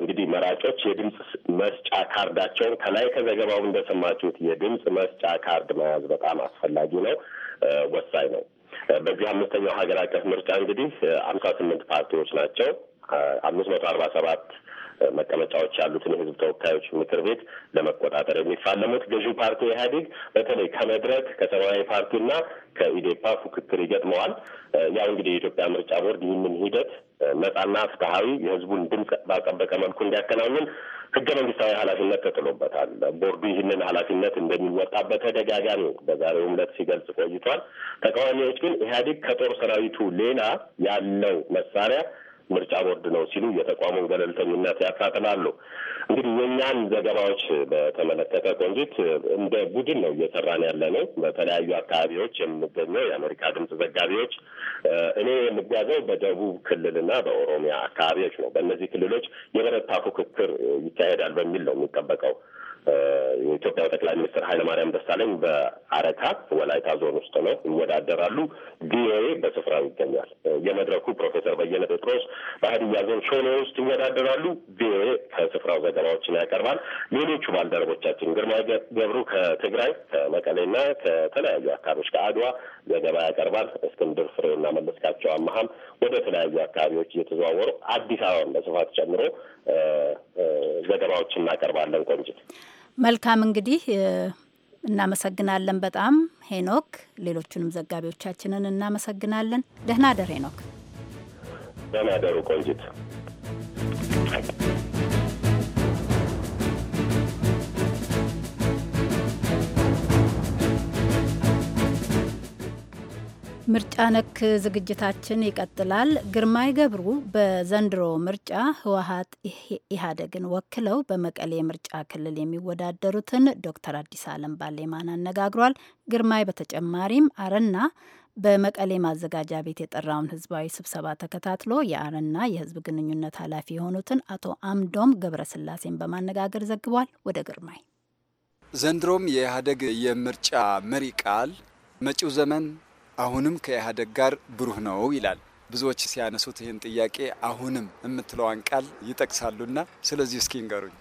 እንግዲህ መራጮች የድምፅ መስጫ ካርዳቸውን ከላይ ከዘገባው እንደሰማችሁት የድምፅ መስጫ ካርድ መያዝ በጣም አስፈላጊ ነው፣ ወሳኝ ነው። በዚህ አምስተኛው ሀገር አቀፍ ምርጫ እንግዲህ አምሳ ስምንት ፓርቲዎች ናቸው አምስት መቶ አርባ ሰባት መቀመጫዎች ያሉትን የህዝብ ተወካዮች ምክር ቤት ለመቆጣጠር የሚፋለሙት ገዢው ፓርቲ ኢህአዴግ በተለይ ከመድረክ ከሰማያዊ ፓርቲና ከኢዴፓ ፉክክር ይገጥመዋል። ያው እንግዲህ የኢትዮጵያ ምርጫ ቦርድ ይህንን ሂደት ነጻና ፍትሐዊ የህዝቡን ድምፅ ባጠበቀ መልኩ እንዲያከናውን ህገ መንግስታዊ ኃላፊነት ተጥሎበታል። ቦርዱ ይህንን ኃላፊነት እንደሚወጣ በተደጋጋሚ በዛሬው ዕለት ሲገልጽ ቆይቷል። ተቃዋሚዎች ግን ኢህአዴግ ከጦር ሰራዊቱ ሌላ ያለው መሳሪያ ምርጫ ቦርድ ነው ሲሉ የተቋሙን ገለልተኝነት ያጣጥላሉ። እንግዲህ የእኛን ዘገባዎች በተመለከተ ቆንጂት፣ እንደ ቡድን ነው እየሰራን ያለ ነው። በተለያዩ አካባቢዎች የምንገኘው የአሜሪካ ድምፅ ዘጋቢዎች፣ እኔ የምጓዘው በደቡብ ክልልና በኦሮሚያ አካባቢዎች ነው። በእነዚህ ክልሎች የበረታ ፉክክር ይካሄዳል በሚል ነው የሚጠበቀው። የኢትዮጵያ ጠቅላይ ሚኒስትር ኃይለማርያም ደሳለኝ በአረካ ወላይታ ዞን ውስጥ ነው ይወዳደራሉ። ቪኦኤ በስፍራው ይገኛል። የመድረኩ ፕሮፌሰር በየነ ጴጥሮስ በሀዲያ ዞን ሾኖ ውስጥ ይወዳደራሉ። ቪኦኤ ከስፍራው ዘገባዎችን ያቀርባል። ሌሎቹ ባልደረቦቻችን ግርማ ገብሩ ከትግራይ ከመቀሌና ከተለያዩ አካባቢዎች ከአድዋ ዘገባ ያቀርባል። እስክንድር ፍሬና መለስካቸው አመሀም ወደ ተለያዩ አካባቢዎች እየተዘዋወሩ አዲስ አበባን በስፋት ጨምሮ ዘገባዎችን እናቀርባለን ቆንጅት መልካም እንግዲህ እናመሰግናለን በጣም ሄኖክ። ሌሎቹንም ዘጋቢዎቻችንን እናመሰግናለን። ደህና ደር ሄኖክ። ደህና ደሩ ቆንጂት። ምርጫ ነክ ዝግጅታችን ይቀጥላል። ግርማይ ገብሩ በዘንድሮ ምርጫ ህወሀት ኢህአዴግን ወክለው በመቀሌ ምርጫ ክልል የሚወዳደሩትን ዶክተር አዲስ አለም ባሌማን አነጋግሯል። ግርማይ በተጨማሪም አረና በመቀሌ ማዘጋጃ ቤት የጠራውን ህዝባዊ ስብሰባ ተከታትሎ የአረና የህዝብ ግንኙነት ኃላፊ የሆኑትን አቶ አምዶም ገብረስላሴን በማነጋገር ዘግቧል። ወደ ግርማይ ዘንድሮም የኢህአዴግ የምርጫ መሪ ቃል መጪው ዘመን አሁንም ከኢህአዴግ ጋር ብሩህ ነው ይላል። ብዙዎች ሲያነሱት ይህን ጥያቄ አሁንም የምትለዋን ቃል ይጠቅሳሉና ስለዚህ እስኪ ንገሩኝ።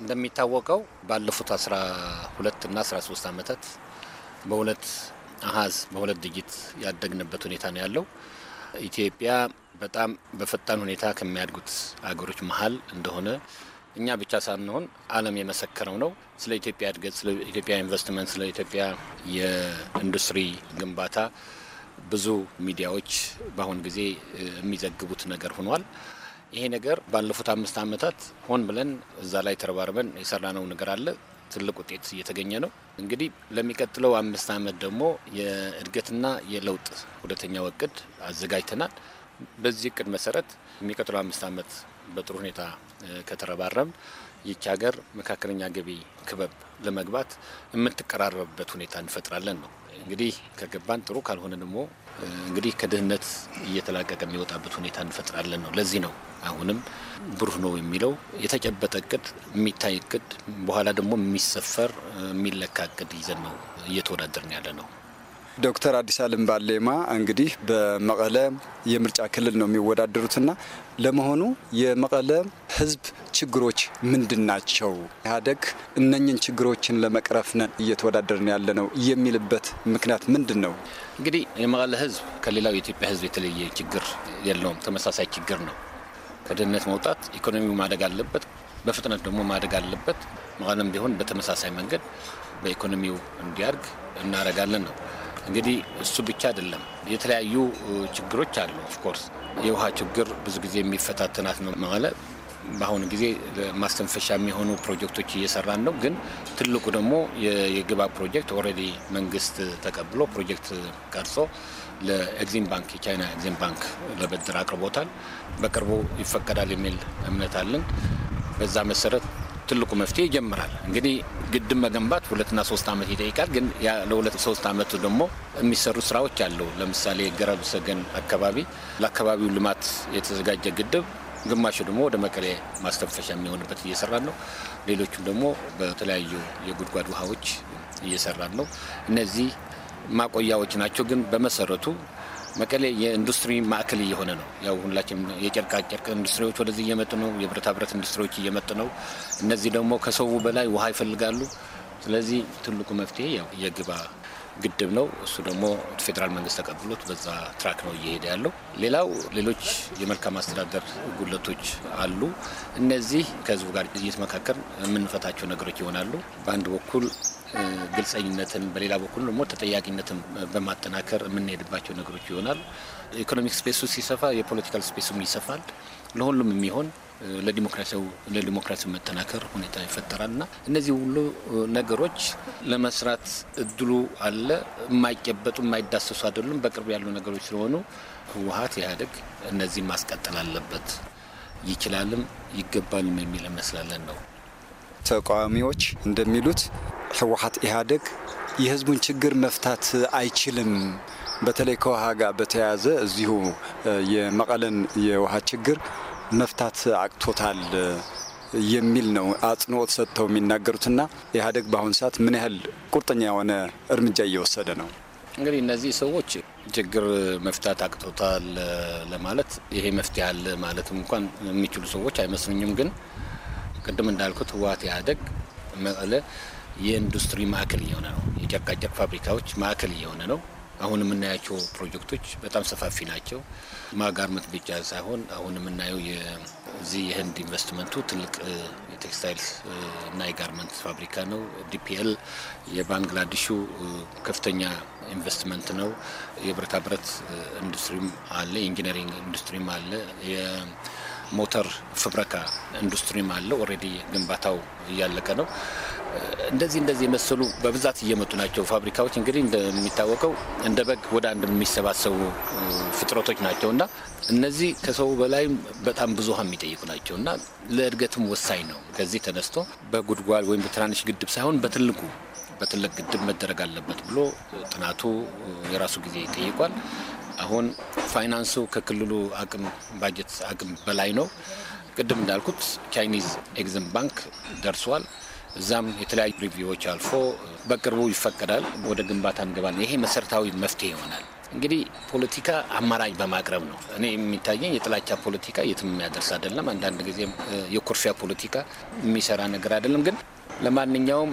እንደሚታወቀው ባለፉት 12 እና 13 ዓመታት በሁለት አሀዝ በሁለት ድጊት ያደግንበት ሁኔታ ነው ያለው። ኢትዮጵያ በጣም በፈጣን ሁኔታ ከሚያድጉት አገሮች መሀል እንደሆነ እኛ ብቻ ሳንሆን ዓለም የመሰከረው ነው። ስለ ኢትዮጵያ እድገት፣ ስለ ኢትዮጵያ ኢንቨስትመንት፣ ስለ ኢትዮጵያ የኢንዱስትሪ ግንባታ ብዙ ሚዲያዎች በአሁን ጊዜ የሚዘግቡት ነገር ሆኗል። ይሄ ነገር ባለፉት አምስት ዓመታት ሆን ብለን እዛ ላይ ተረባርበን የሰራነው ነገር አለ። ትልቅ ውጤት እየተገኘ ነው። እንግዲህ ለሚቀጥለው አምስት ዓመት ደግሞ የእድገትና የለውጥ ሁለተኛ እቅድ አዘጋጅተናል። በዚህ እቅድ መሰረት የሚቀጥለው አምስት ዓመት በጥሩ ሁኔታ ከተረባረም ይቺ ሀገር መካከለኛ ገቢ ክበብ ለመግባት የምትቀራረብበት ሁኔታ እንፈጥራለን ነው። እንግዲህ ከገባን ጥሩ፣ ካልሆነ ደግሞ እንግዲህ ከድህነት እየተላቀቀ የሚወጣበት ሁኔታ እንፈጥራለን ነው። ለዚህ ነው አሁንም ብሩህ ነው የሚለው የተጨበጠ እቅድ፣ የሚታይ እቅድ፣ በኋላ ደግሞ የሚሰፈር የሚለካ እቅድ ይዘን ነው እየተወዳደርን ያለ ነው። ዶክተር አዲስ አለም ባሌማ እንግዲህ በመቀለ የምርጫ ክልል ነው የሚወዳደሩትና ለመሆኑ የመቀለ ህዝብ ችግሮች ምንድን ናቸው? ኢህአዴግ እነኝን ችግሮችን ለመቅረፍ ነን እየተወዳደርን ያለ ነው የሚልበት ምክንያት ምንድን ነው? እንግዲህ የመቀለ ህዝብ ከሌላው የኢትዮጵያ ህዝብ የተለየ ችግር የለውም። ተመሳሳይ ችግር ነው። ከድህነት መውጣት፣ ኢኮኖሚው ማደግ አለበት፣ በፍጥነት ደግሞ ማደግ አለበት። መቀለም ቢሆን በተመሳሳይ መንገድ በኢኮኖሚው እንዲያድግ እናደርጋለን ነው እንግዲህ እሱ ብቻ አይደለም፣ የተለያዩ ችግሮች አሉ። ኦፍኮርስ የውሃ ችግር ብዙ ጊዜ የሚፈታተናት ነው ማለት በአሁኑ ጊዜ ማስተንፈሻ የሚሆኑ ፕሮጀክቶች እየሰራን ነው። ግን ትልቁ ደግሞ የግባ ፕሮጀክት ኦልሬዲ መንግስት ተቀብሎ ፕሮጀክት ቀርጾ ለኤግዚም ባንክ የቻይና ኤግዚም ባንክ ለብድር አቅርቦታል። በቅርቡ ይፈቀዳል የሚል እምነት አለን። በዛ መሰረት ትልቁ መፍትሄ ይጀምራል። እንግዲህ ግድብ መገንባት ሁለትና ሶስት ዓመት ይጠይቃል። ግን ለሁለት ሶስት ዓመቱ ደግሞ የሚሰሩ ስራዎች አሉ። ለምሳሌ ገረብ ሰገን አካባቢ ለአካባቢው ልማት የተዘጋጀ ግድብ ግማሹ ደግሞ ወደ መቀሌ ማስተንፈሻ የሚሆንበት እየሰራ ነው። ሌሎቹም ደግሞ በተለያዩ የጉድጓድ ውሃዎች እየሰራ ነው። እነዚህ ማቆያዎች ናቸው። ግን በመሰረቱ መቀሌ የኢንዱስትሪ ማዕከል እየሆነ ነው። ያው ሁላችንም የጨርቃ ጨርቅ ኢንዱስትሪዎች ወደዚህ እየመጡ ነው። የብረታ ብረት ኢንዱስትሪዎች እየመጡ ነው። እነዚህ ደግሞ ከሰው በላይ ውሃ ይፈልጋሉ። ስለዚህ ትልቁ መፍትሄ ያው የግባ ግድብ ነው። እሱ ደግሞ ፌዴራል መንግስት ተቀብሎት በዛ ትራክ ነው እየሄደ ያለው። ሌላው ሌሎች የመልካም አስተዳደር ጉለቶች አሉ። እነዚህ ከህዝቡ ጋር እየተመካከል የምንፈታቸው ነገሮች ይሆናሉ። በአንድ በኩል ግልጸኝነትን፣ በሌላ በኩል ደግሞ ተጠያቂነትን በማጠናከር የምንሄድባቸው ነገሮች ይሆናል። ኢኮኖሚክ ስፔሱ ሲሰፋ የፖለቲካል ስፔሱም ይሰፋል። ለሁሉም የሚሆን ለዲሞክራሲው መጠናከር ሁኔታ ይፈጠራል እና እነዚህ ሁሉ ነገሮች ለመስራት እድሉ አለ። የማይጨበጡ የማይዳሰሱ አይደሉም። በቅርብ ያሉ ነገሮች ስለሆኑ ህወሀት ኢህአዴግ እነዚህ ማስቀጠል አለበት። ይችላልም ይገባልም የሚል እመስላለን ነው። ተቃዋሚዎች እንደሚሉት ህወሀት ኢህአዴግ የህዝቡን ችግር መፍታት አይችልም። በተለይ ከውሃ ጋር በተያያዘ እዚሁ የመቀለን የውሃ ችግር መፍታት አቅቶታል የሚል ነው አጽንኦት ሰጥተው የሚናገሩትና ኢህአዴግ በአሁኑ ሰዓት ምን ያህል ቁርጠኛ የሆነ እርምጃ እየወሰደ ነው? እንግዲህ እነዚህ ሰዎች ችግር መፍታት አቅቶታል ለማለት ይሄ መፍትሄ አለ ማለትም እንኳን የሚችሉ ሰዎች አይመስሉኝም። ግን ቅድም እንዳልኩት ህወሓት ያደግ መቀለ የኢንዱስትሪ ማዕከል እየሆነ ነው። የጨርቃጨርቅ ፋብሪካዎች ማዕከል እየሆነ ነው። አሁን የምናያቸው ፕሮጀክቶች በጣም ሰፋፊ ናቸው። ማጋርመት ብቻ ሳይሆን አሁን የምናየው እዚህ የህንድ ኢንቨስትመንቱ ትልቅ የቴክስታይል እና የጋርመንት ፋብሪካ ነው። ዲፒኤል የባንግላዴሹ ከፍተኛ ኢንቨስትመንት ነው። የብረታ ብረት ኢንዱስትሪም አለ፣ የኢንጂነሪንግ ኢንዱስትሪም አለ፣ የሞተር ፍብረካ ኢንዱስትሪም አለ። ኦልሬዲ ግንባታው እያለቀ ነው። እንደዚህ እንደዚህ የመሰሉ በብዛት እየመጡ ናቸው። ፋብሪካዎች እንግዲህ እንደሚታወቀው እንደ በግ ወደ አንድ የሚሰባሰቡ ፍጥረቶች ናቸው እና እነዚህ ከሰው በላይም በጣም ብዙሃን የሚጠይቁ ናቸው እና ለእድገትም ወሳኝ ነው። ከዚህ ተነስቶ በጉድጓድ ወይም በትናንሽ ግድብ ሳይሆን በትልቁ በትልቅ ግድብ መደረግ አለበት ብሎ ጥናቱ የራሱ ጊዜ ይጠይቋል። አሁን ፋይናንሱ ከክልሉ አቅም ባጀት አቅም በላይ ነው። ቅድም እንዳልኩት ቻይኒዝ ኤግዚም ባንክ ደርሷል። እዛም የተለያዩ ሪቪዎች አልፎ በቅርቡ ይፈቀዳል፣ ወደ ግንባታ እንገባለን። ይሄ መሰረታዊ መፍትሄ ይሆናል። እንግዲህ ፖለቲካ አማራጭ በማቅረብ ነው። እኔ የሚታየኝ የጥላቻ ፖለቲካ የትም የሚያደርስ አይደለም። አንዳንድ ጊዜም የኩርፊያ ፖለቲካ የሚሰራ ነገር አይደለም። ግን ለማንኛውም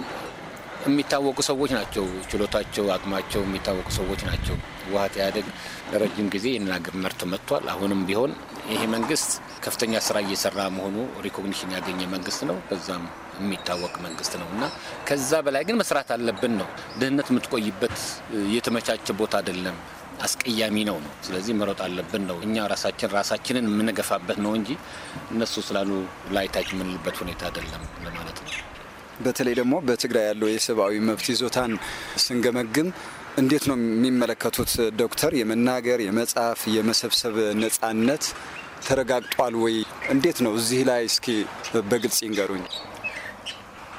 የሚታወቁ ሰዎች ናቸው። ችሎታቸው፣ አቅማቸው የሚታወቁ ሰዎች ናቸው። ህወሓት ኢህአዴግ ለረጅም ጊዜ ሀገር መርቶ መጥቷል። አሁንም ቢሆን ይሄ መንግስት ከፍተኛ ስራ እየሰራ መሆኑ ሪኮግኒሽን ያገኘ መንግስት ነው። በዛም የሚታወቅ መንግስት ነው እና ከዛ በላይ ግን መስራት አለብን ነው። ድህነት የምትቆይበት የተመቻቸ ቦታ አይደለም። አስቀያሚ ነው ነው። ስለዚህ መሮጥ አለብን ነው። እኛ ራሳችን ራሳችንን የምንገፋበት ነው እንጂ እነሱ ስላሉ ላይታች የምንልበት ሁኔታ አይደለም ለማለት ነው። በተለይ ደግሞ በትግራይ ያለው የሰብአዊ መብት ይዞታን ስንገመግም እንዴት ነው የሚመለከቱት ዶክተር? የመናገር የመጻፍ የመሰብሰብ ነጻነት ተረጋግጧል ወይ? እንዴት ነው እዚህ ላይ እስኪ በግልጽ ይንገሩኝ።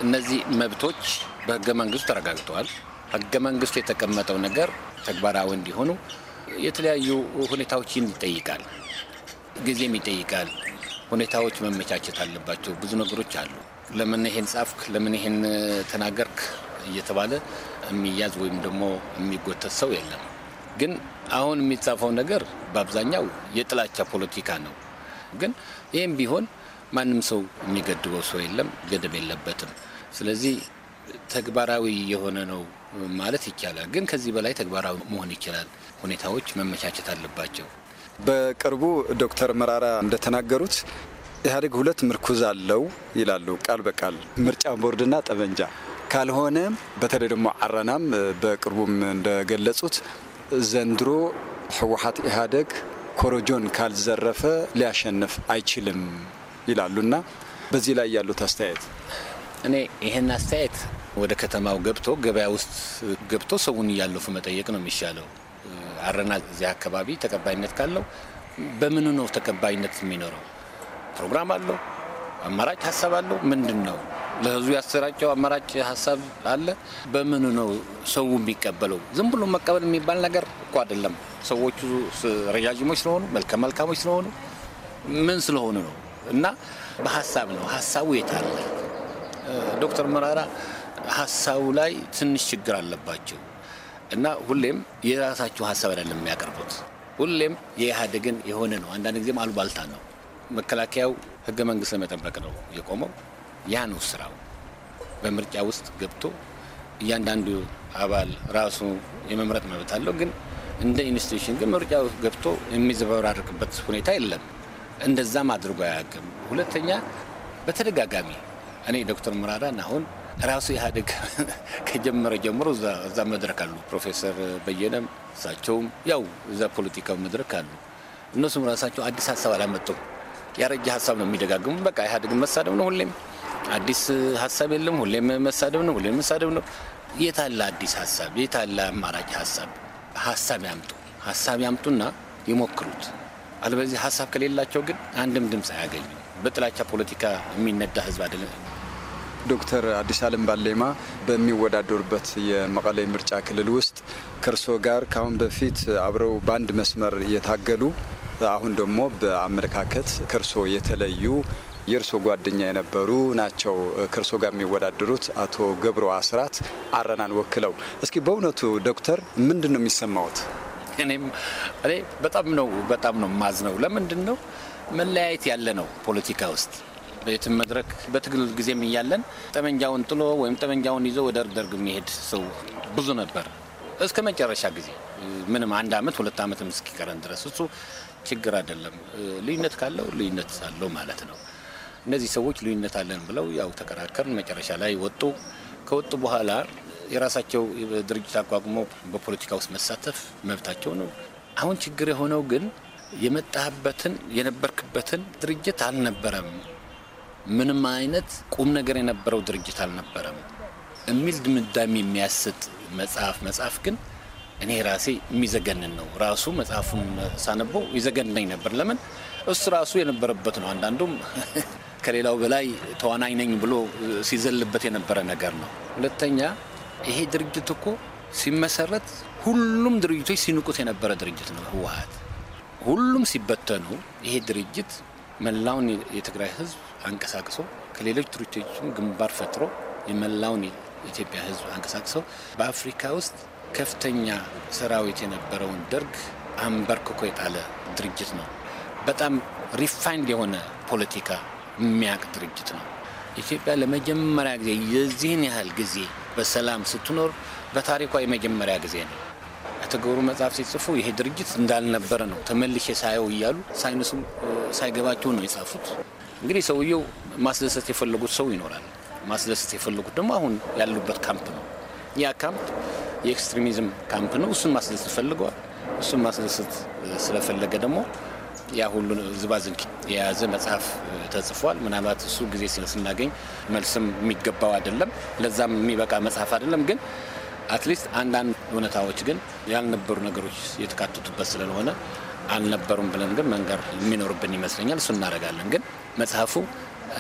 እነዚህ መብቶች በህገ መንግስቱ ተረጋግጠዋል። ህገ መንግስቱ የተቀመጠው ነገር ተግባራዊ እንዲሆኑ የተለያዩ ሁኔታዎችን ይጠይቃል፣ ጊዜም ይጠይቃል። ሁኔታዎች መመቻቸት አለባቸው። ብዙ ነገሮች አሉ። ለምን ይሄን ጻፍክ፣ ለምን ይሄን ተናገርክ እየተባለ የሚያዝ ወይም ደግሞ የሚጎተት ሰው የለም። ግን አሁን የሚጻፈው ነገር በአብዛኛው የጥላቻ ፖለቲካ ነው። ግን ይህም ቢሆን ማንም ሰው የሚገድበው ሰው የለም፣ ገደብ የለበትም። ስለዚህ ተግባራዊ የሆነ ነው ማለት ይቻላል። ግን ከዚህ በላይ ተግባራዊ መሆን ይችላል። ሁኔታዎች መመቻቸት አለባቸው። በቅርቡ ዶክተር መራራ እንደተናገሩት ኢህአዴግ ሁለት ምርኩዝ አለው ይላሉ ቃል በቃል ምርጫ ቦርድና ጠመንጃ ካልሆነ በተለይ ደግሞ አረናም በቅርቡም እንደገለጹት ዘንድሮ ህወሀት ኢህአዴግ ኮረጆን ካልዘረፈ ሊያሸንፍ አይችልም ይላሉና በዚህ ላይ ያሉት አስተያየት እኔ ይህን አስተያየት ወደ ከተማው ገብቶ ገበያ ውስጥ ገብቶ ሰውን እያለፉ መጠየቅ ነው የሚሻለው። አረና እዚህ አካባቢ ተቀባይነት ካለው በምኑ ነው ተቀባይነት የሚኖረው? ፕሮግራም አለው፣ አማራጭ ሀሳብ አለው። ምንድን ነው ለህዝቡ ያሰራጨው አማራጭ ሀሳብ አለ። በምን ነው ሰው የሚቀበለው? ዝም ብሎ መቀበል የሚባል ነገር እኮ አይደለም። ሰዎቹ ረዣዥሞች ስለሆኑ መልከ መልካሞች ስለሆኑ ምን ስለሆኑ ነው እና በሀሳብ ነው። ሀሳቡ የት አለ? ዶክተር መራራ ሀሳቡ ላይ ትንሽ ችግር አለባቸው እና ሁሌም የራሳቸው ሀሳብ አይደለም የሚያቀርቡት። ሁሌም የኢህአዴግን የሆነ ነው። አንዳንድ ጊዜም አሉባልታ ነው። መከላከያው ህገ መንግስት ለመጠበቅ ነው የቆመው። ያ ነው ስራው። በምርጫ ውስጥ ገብቶ እያንዳንዱ አባል ራሱ የመምረጥ መብት አለው። ግን እንደ ኢንስቲቱሽን ግን ምርጫ ውስጥ ገብቶ የሚዘበራርቅበት ሁኔታ የለም። እንደዛም አድርጎ አያውቅም። ሁለተኛ በተደጋጋሚ እኔ ዶክተር ምራራን አሁን ራሱ ኢህአዴግ ከጀመረ ጀምሮ እዛ መድረክ አሉ። ፕሮፌሰር በየነም እሳቸውም ያው እዛ ፖለቲካው መድረክ አሉ። እነሱም ራሳቸው አዲስ ሀሳብ አላመጡም። ያረጀ ሀሳብ ነው የሚደጋግሙ። በቃ ኢህአዴግን መሳደብ ነው ሁሌም። አዲስ ሀሳብ የለም። ሁሌም መሳደብ ነው፣ ሁሌም መሳደብ ነው። የታለ አዲስ ሀሳብ? የታለ አማራጭ ሀሳብ? ሀሳብ ያምጡ፣ ሀሳብ ያምጡና ይሞክሩት። አለበለዚህ ሀሳብ ከሌላቸው ግን አንድም ድምፅ አያገኙ። በጥላቻ ፖለቲካ የሚነዳ ህዝብ አይደለም። ዶክተር አዲስ አለም ባሌማ በሚወዳደሩበት የመቀለ ምርጫ ክልል ውስጥ ከእርሶ ጋር ከአሁን በፊት አብረው በአንድ መስመር የታገሉ አሁን ደግሞ በአመለካከት ከእርሶ የተለዩ የእርሶ ጓደኛ የነበሩ ናቸው ከእርሶ ጋር የሚወዳደሩት አቶ ገብረ አስራት አረናን ወክለው። እስኪ በእውነቱ ዶክተር ምንድን ነው የሚሰማዎት? እኔም እኔ በጣም ነው በጣም ነው ማዝ ነው። ለምንድን ነው መለያየት ያለ ነው ፖለቲካ ውስጥ በየትም መድረክ በትግል ጊዜም እያለን ጠመንጃውን ጥሎ ወይም ጠመንጃውን ይዞ ወደ ደርግ የሚሄድ ሰው ብዙ ነበር። እስከ መጨረሻ ጊዜ ምንም አንድ አመት ሁለት አመትም እስኪቀረን ድረስ እሱ ችግር አይደለም። ልዩነት ካለው ልዩነት አለው ማለት ነው። እነዚህ ሰዎች ልዩነት አለን ብለው ያው ተከራከርን፣ መጨረሻ ላይ ወጡ። ከወጡ በኋላ የራሳቸው ድርጅት አቋቁሞ በፖለቲካ ውስጥ መሳተፍ መብታቸው ነው። አሁን ችግር የሆነው ግን የመጣህበትን የነበርክበትን ድርጅት አልነበረም፣ ምንም አይነት ቁም ነገር የነበረው ድርጅት አልነበረም የሚል ድምዳሜ የሚያስጥ መጽሐፍ መጽሐፍ ግን እኔ ራሴ የሚዘገንን ነው። ራሱ መጽሐፉን ሳነበው ይዘገንነኝ ነበር። ለምን እሱ ራሱ የነበረበት ነው። አንዳንዱም ከሌላው በላይ ተዋናኝ ነኝ ብሎ ሲዘልበት የነበረ ነገር ነው። ሁለተኛ ይሄ ድርጅት እኮ ሲመሰረት ሁሉም ድርጅቶች ሲንቁት የነበረ ድርጅት ነው። ህወሀት ሁሉም ሲበተኑ ይሄ ድርጅት መላውን የትግራይ ህዝብ አንቀሳቅሶ ከሌሎች ድርጅቶችም ግንባር ፈጥሮ የመላውን የኢትዮጵያ ህዝብ አንቀሳቅሰው በአፍሪካ ውስጥ ከፍተኛ ሰራዊት የነበረውን ደርግ አንበርክኮ የጣለ ድርጅት ነው። በጣም ሪፋይንድ የሆነ ፖለቲካ የሚያቅ ድርጅት ነው። ኢትዮጵያ ለመጀመሪያ ጊዜ የዚህን ያህል ጊዜ በሰላም ስትኖር በታሪኳ የመጀመሪያ ጊዜ ነው። አቶ ገብሩ መጽሐፍ ሲጽፉ ይሄ ድርጅት እንዳልነበረ ነው ተመልሼ ሳየው እያሉ ሳይንሱ ሳይገባቸው ነው የጻፉት። እንግዲህ ሰውየው ማስደሰት የፈለጉት ሰው ይኖራል። ማስደሰት የፈለጉት ደግሞ አሁን ያሉበት ካምፕ ነው። ያ ካምፕ የኤክስትሪሚዝም ካምፕ ነው። እሱን ማስደሰት ፈልገዋል። እሱን ማስደሰት ስለፈለገ ደግሞ ያ ሁሉ ዝባዝንኪ የያዘ መጽሐፍ ተጽፏል። ምናልባት እሱ ጊዜ ስናገኝ መልስም የሚገባው አይደለም፣ ለዛም የሚበቃ መጽሐፍ አይደለም። ግን አትሊስት አንዳንድ እውነታዎች ግን ያልነበሩ ነገሮች የተካተቱበት ስለሆነ አልነበሩም ብለን ግን መንገር የሚኖርብን ይመስለኛል። እሱ እናደርጋለን። ግን መጽሐፉ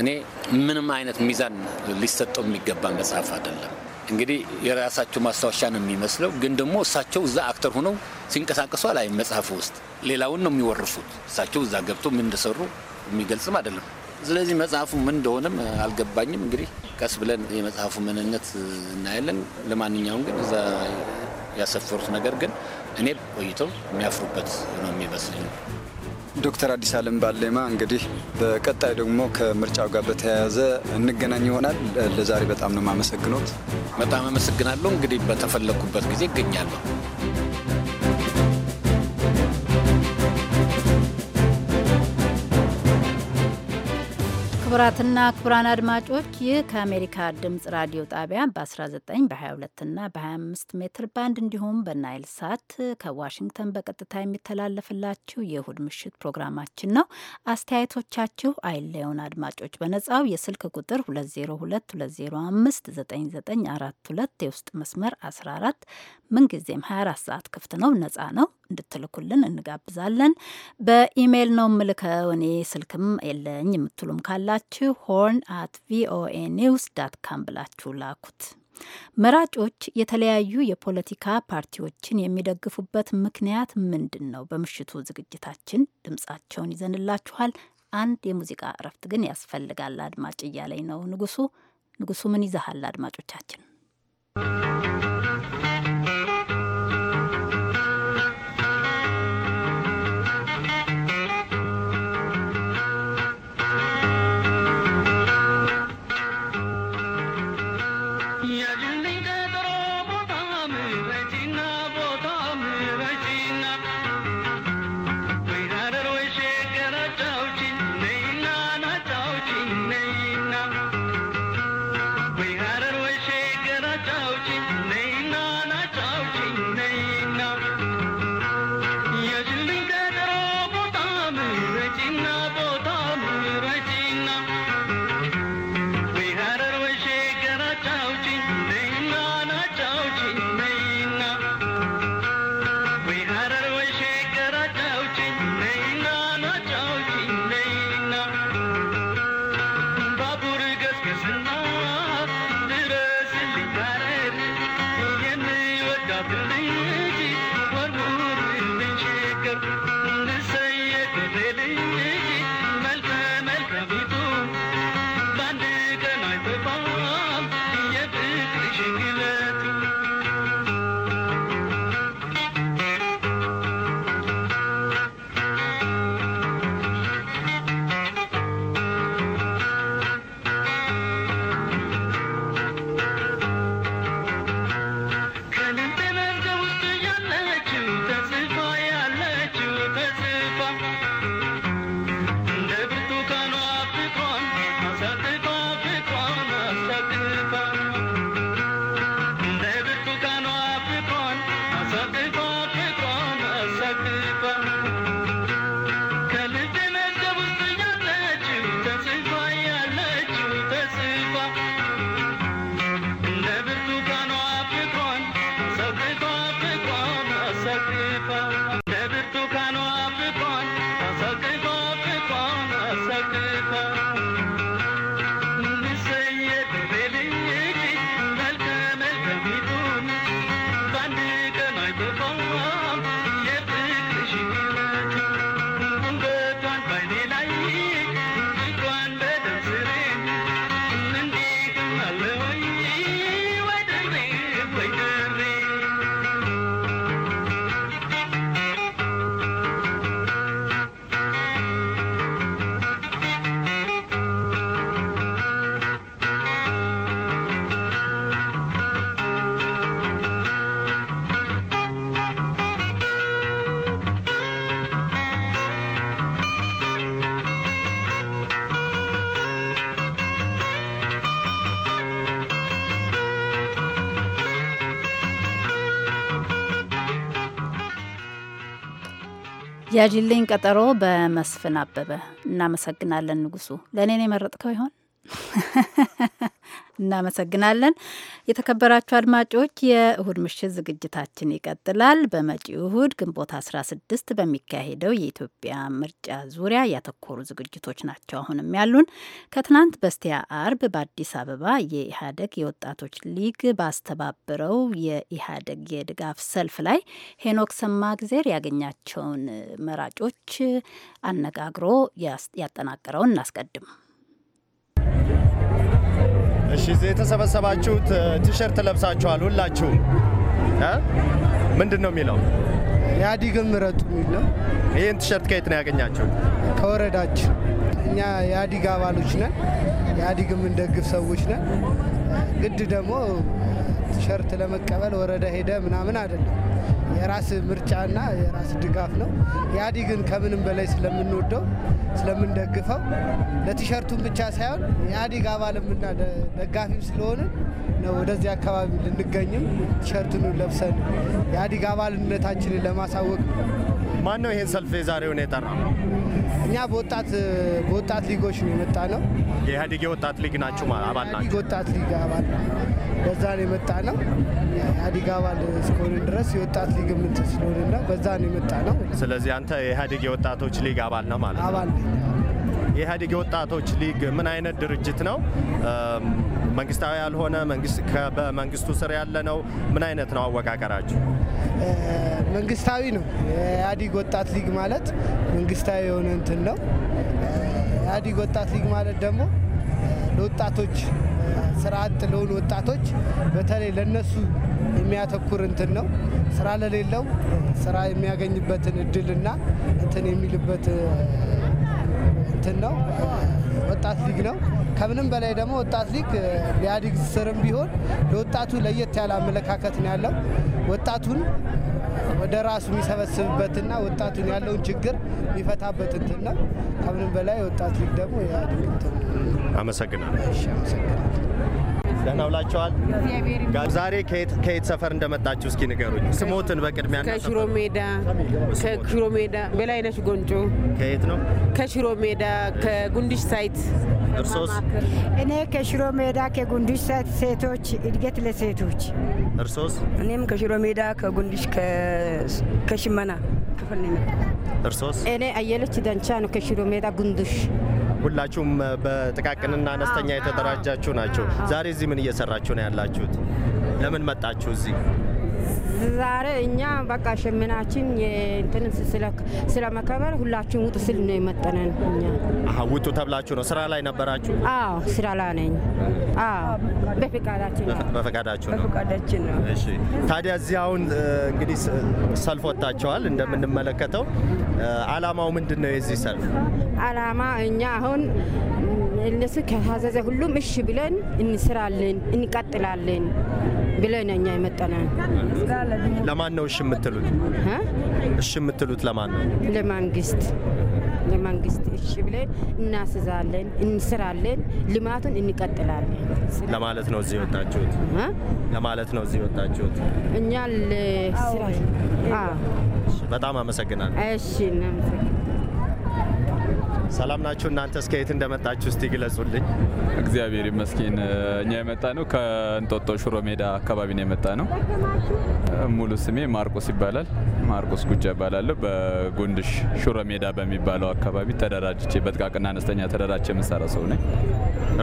እኔ ምንም አይነት ሚዛን ሊሰጠው የሚገባ መጽሐፍ አይደለም። እንግዲህ የራሳቸው ማስታወሻ ነው የሚመስለው። ግን ደግሞ እሳቸው እዛ አክተር ሆነው ሲንቀሳቀሱ አላይም መጽሐፍ ውስጥ ሌላውን ነው የሚወርፉት። እሳቸው እዛ ገብቶ ምን እንደሰሩ የሚገልጽም አይደለም። ስለዚህ መጽሐፉ ምን እንደሆነም አልገባኝም። እንግዲህ ቀስ ብለን የመጽሐፉ ምንነት እናያለን። ለማንኛውም ግን እዛ ያሰፈሩት ነገር ግን እኔ ቆይተው የሚያፍሩበት ነው የሚመስለኝ። ዶክተር አዲስ አለም ባሌማ እንግዲህ በቀጣይ ደግሞ ከምርጫው ጋር በተያያዘ እንገናኝ ይሆናል። ለዛሬ በጣም ነው የማመሰግኖት። በጣም አመሰግናለሁ። እንግዲህ በተፈለግኩበት ጊዜ እገኛለሁ። ክቡራትና ክቡራን አድማጮች ይህ ከአሜሪካ ድምፅ ራዲዮ ጣቢያ በ19 በ22 እና በ25 ሜትር ባንድ እንዲሁም በናይል ሳት ከዋሽንግተን በቀጥታ የሚተላለፍላችሁ የእሁድ ምሽት ፕሮግራማችን ነው። አስተያየቶቻችሁ አይለየውን። አድማጮች በነጻው የስልክ ቁጥር 2022059942 የውስጥ መስመር 14 ምንጊዜም 24 ሰዓት ክፍት ነው፣ ነጻ ነው። እንድትልኩልን እንጋብዛለን። በኢሜይል ነው ምልከው፣ እኔ ስልክም የለኝ የምትሉም ካላችሁ ሆርን አት ቪኦኤ ኒውስ ዳት ካም ብላችሁ ላኩት። መራጮች የተለያዩ የፖለቲካ ፓርቲዎችን የሚደግፉበት ምክንያት ምንድን ነው? በምሽቱ ዝግጅታችን ድምጻቸውን ይዘንላችኋል። አንድ የሙዚቃ እረፍት ግን ያስፈልጋል። አድማጭ እያለኝ ነው ንጉሱ። ንጉሱ ምን ይዘሃል? አድማጮቻችን ያዥልኝ ቀጠሮ በመስፍን አበበ። እናመሰግናለን ንጉሱ። ለእኔን የመረጥከው ይሆን? እናመሰግናለን። የተከበራችሁ አድማጮች የእሁድ ምሽት ዝግጅታችን ይቀጥላል። በመጪው እሁድ ግንቦት 16 በሚካሄደው የኢትዮጵያ ምርጫ ዙሪያ ያተኮሩ ዝግጅቶች ናቸው አሁንም ያሉን። ከትናንት በስቲያ አርብ በአዲስ አበባ የኢህአዴግ የወጣቶች ሊግ ባስተባበረው የኢህአዴግ የድጋፍ ሰልፍ ላይ ሄኖክ ሰማእግዜር ያገኛቸውን መራጮች አነጋግሮ ያጠናቀረውን እናስቀድም። እሺ፣ የተሰበሰባችሁት ቲሸርት ለብሳችኋል ሁላችሁ ምንድን ነው የሚለው? ኢህአዲግን ምረጡ የሚል ነው። ይህን ቲሸርት ከየት ነው ያገኛችሁ? ከወረዳችን። እኛ የኢህአዲግ አባሎች ነን። ኢህአዲግ የምንደግፍ ሰዎች ነን። ግድ ደግሞ ቲሸርት ለመቀበል ወረዳ ሄደ ምናምን አይደለም የራስ ምርጫና የራስ ድጋፍ ነው። ኢህአዴግን ከምንም በላይ ስለምንወደው ስለምንደግፈው ለቲሸርቱን ብቻ ሳይሆን ኢህአዴግ አባልምና ደጋፊም ስለሆነ ነው ወደዚህ አካባቢ ልንገኝም ቲሸርቱን ለብሰን ኢህአዴግ አባልነታችንን ለማሳወቅ ማን ነው ይሄን ሰልፍ የዛሬውን የጠራ? እኛ በወጣት በወጣት ሊጎች ነው የመጣ ነው። የኢህአዴግ የወጣት ሊግ ናችሁ አባል ናችሁ? ወጣት ሊግ አባል በዛ ነው የመጣ ነው። ኢህአዴግ አባል እስከሆንን ድረስ የወጣት ሊግ ምንጭ ስለሆንና በዛ ነው የመጣ ነው። ስለዚህ አንተ የኢህአዴግ የወጣቶች ሊግ አባል ነው ማለት ነው? አባል የኢህአዴግ የወጣቶች ሊግ ምን አይነት ድርጅት ነው? መንግስታዊ ያልሆነ በመንግስቱ ስር ያለ ነው? ምን አይነት ነው አወቃቀራችሁ? መንግስታዊ ነው። የኢህአዴግ ወጣት ሊግ ማለት መንግስታዊ የሆነ እንትን ነው። ኢህአዴግ ወጣት ሊግ ማለት ደግሞ ለወጣቶች ስራ አጥ ለሆኑ ወጣቶች በተለይ ለነሱ የሚያተኩር እንትን ነው። ስራ ለሌለው ስራ የሚያገኝበትን እድልና እንትን የሚልበት እንትን ነው ወጣት ሊግ ነው። ከምንም በላይ ደግሞ ወጣት ሊግ ኢህአዴግ ስርም ቢሆን ለወጣቱ ለየት ያለ አመለካከት ነው ያለው። ወጣቱን ወደ ራሱ የሚሰበስብበትና ወጣቱን ያለውን ችግር የሚፈታበት እንትን ነው። ከምንም በላይ ወጣት ሊግ ደግሞ ኢህአዴግ እንትን አመሰግናለሁ። ደህና ውላችኋል። ዛሬ ከየት ሰፈር እንደመጣችሁ እስኪ ንገሩኝ። ስሞትን በቅድሚያ ከሽሮ ሜዳ ከሽሮ ሜዳ በላይነሽ ጎንጮ ከየት ነው? ከሽሮ ሜዳ ከጉንድሽ ሳይት እርሶስ? እኔ ከሽሮ ሜዳ ከጉንዱሽ ሴቶች እድገት ለሴቶች። እርሶስ? እኔም ከሽሮ ሜዳ ከጉንዱሽ ከሽመና ክፍል ነው። እርሶስ? እኔ አየለች ደንቻ ነው ከሽሮ ሜዳ ጉንዱሽ። ሁላችሁም በጥቃቅንና አነስተኛ የተደራጃችሁ ናቸው። ዛሬ እዚህ ምን እየሰራችሁ ነው ያላችሁት? ለምን መጣችሁ እዚህ? ዛሬ እኛ በቃ ሸመናችን እንትን ስለመከበር ሁላችን ውጡ ስል ነው የመጠነን። እኛ ውጡ ተብላችሁ ነው? ስራ ላይ ነበራችሁ? አዎ ስራ ላይ ነኝ። በፈቃዳችን በፈቃዳችሁ ነው። እሺ ታዲያ እዚህ አሁን እንግዲህ ሰልፍ ወጥታችኋል እንደምንመለከተው። አላማው ምንድን ነው የዚህ ሰልፍ አላማ? እኛ አሁን እነሱ ከታዘዘ ሁሉም እሺ ብለን እንስራለን፣ እንቀጥላለን ብለን እኛ የመጣነ ለማን ነው እሺ የምትሉት? እሺ የምትሉት ለማን ነው? ለመንግስት ለመንግስት እሺ ብለን እናስዛለን፣ እንስራለን፣ ልማቱን እንቀጥላለን ለማለት ነው እዚህ ወጣችሁት ለማለት ነው እዚህ ወጣችሁት እኛ ለስራ በጣም አመሰግናለሁ። እሺ እናመሰግናለን። ሰላም ናችሁ እናንተ? እስከ የት እንደመጣችሁ እስቲ ግለጹልኝ። እግዚአብሔር ይመስገን እኛ የመጣ ነው ከእንጦጦ ሽሮ ሜዳ አካባቢ ነው የመጣ ነው። ሙሉ ስሜ ማርቆስ ይባላል። ማርቆስ ጉጃ ይባላለሁ። በጉንድሽ ሽሮ ሜዳ በሚባለው አካባቢ ተደራጅቼ በጥቃቅና አነስተኛ ተደራጅ የምሰራ ሰው ነኝ።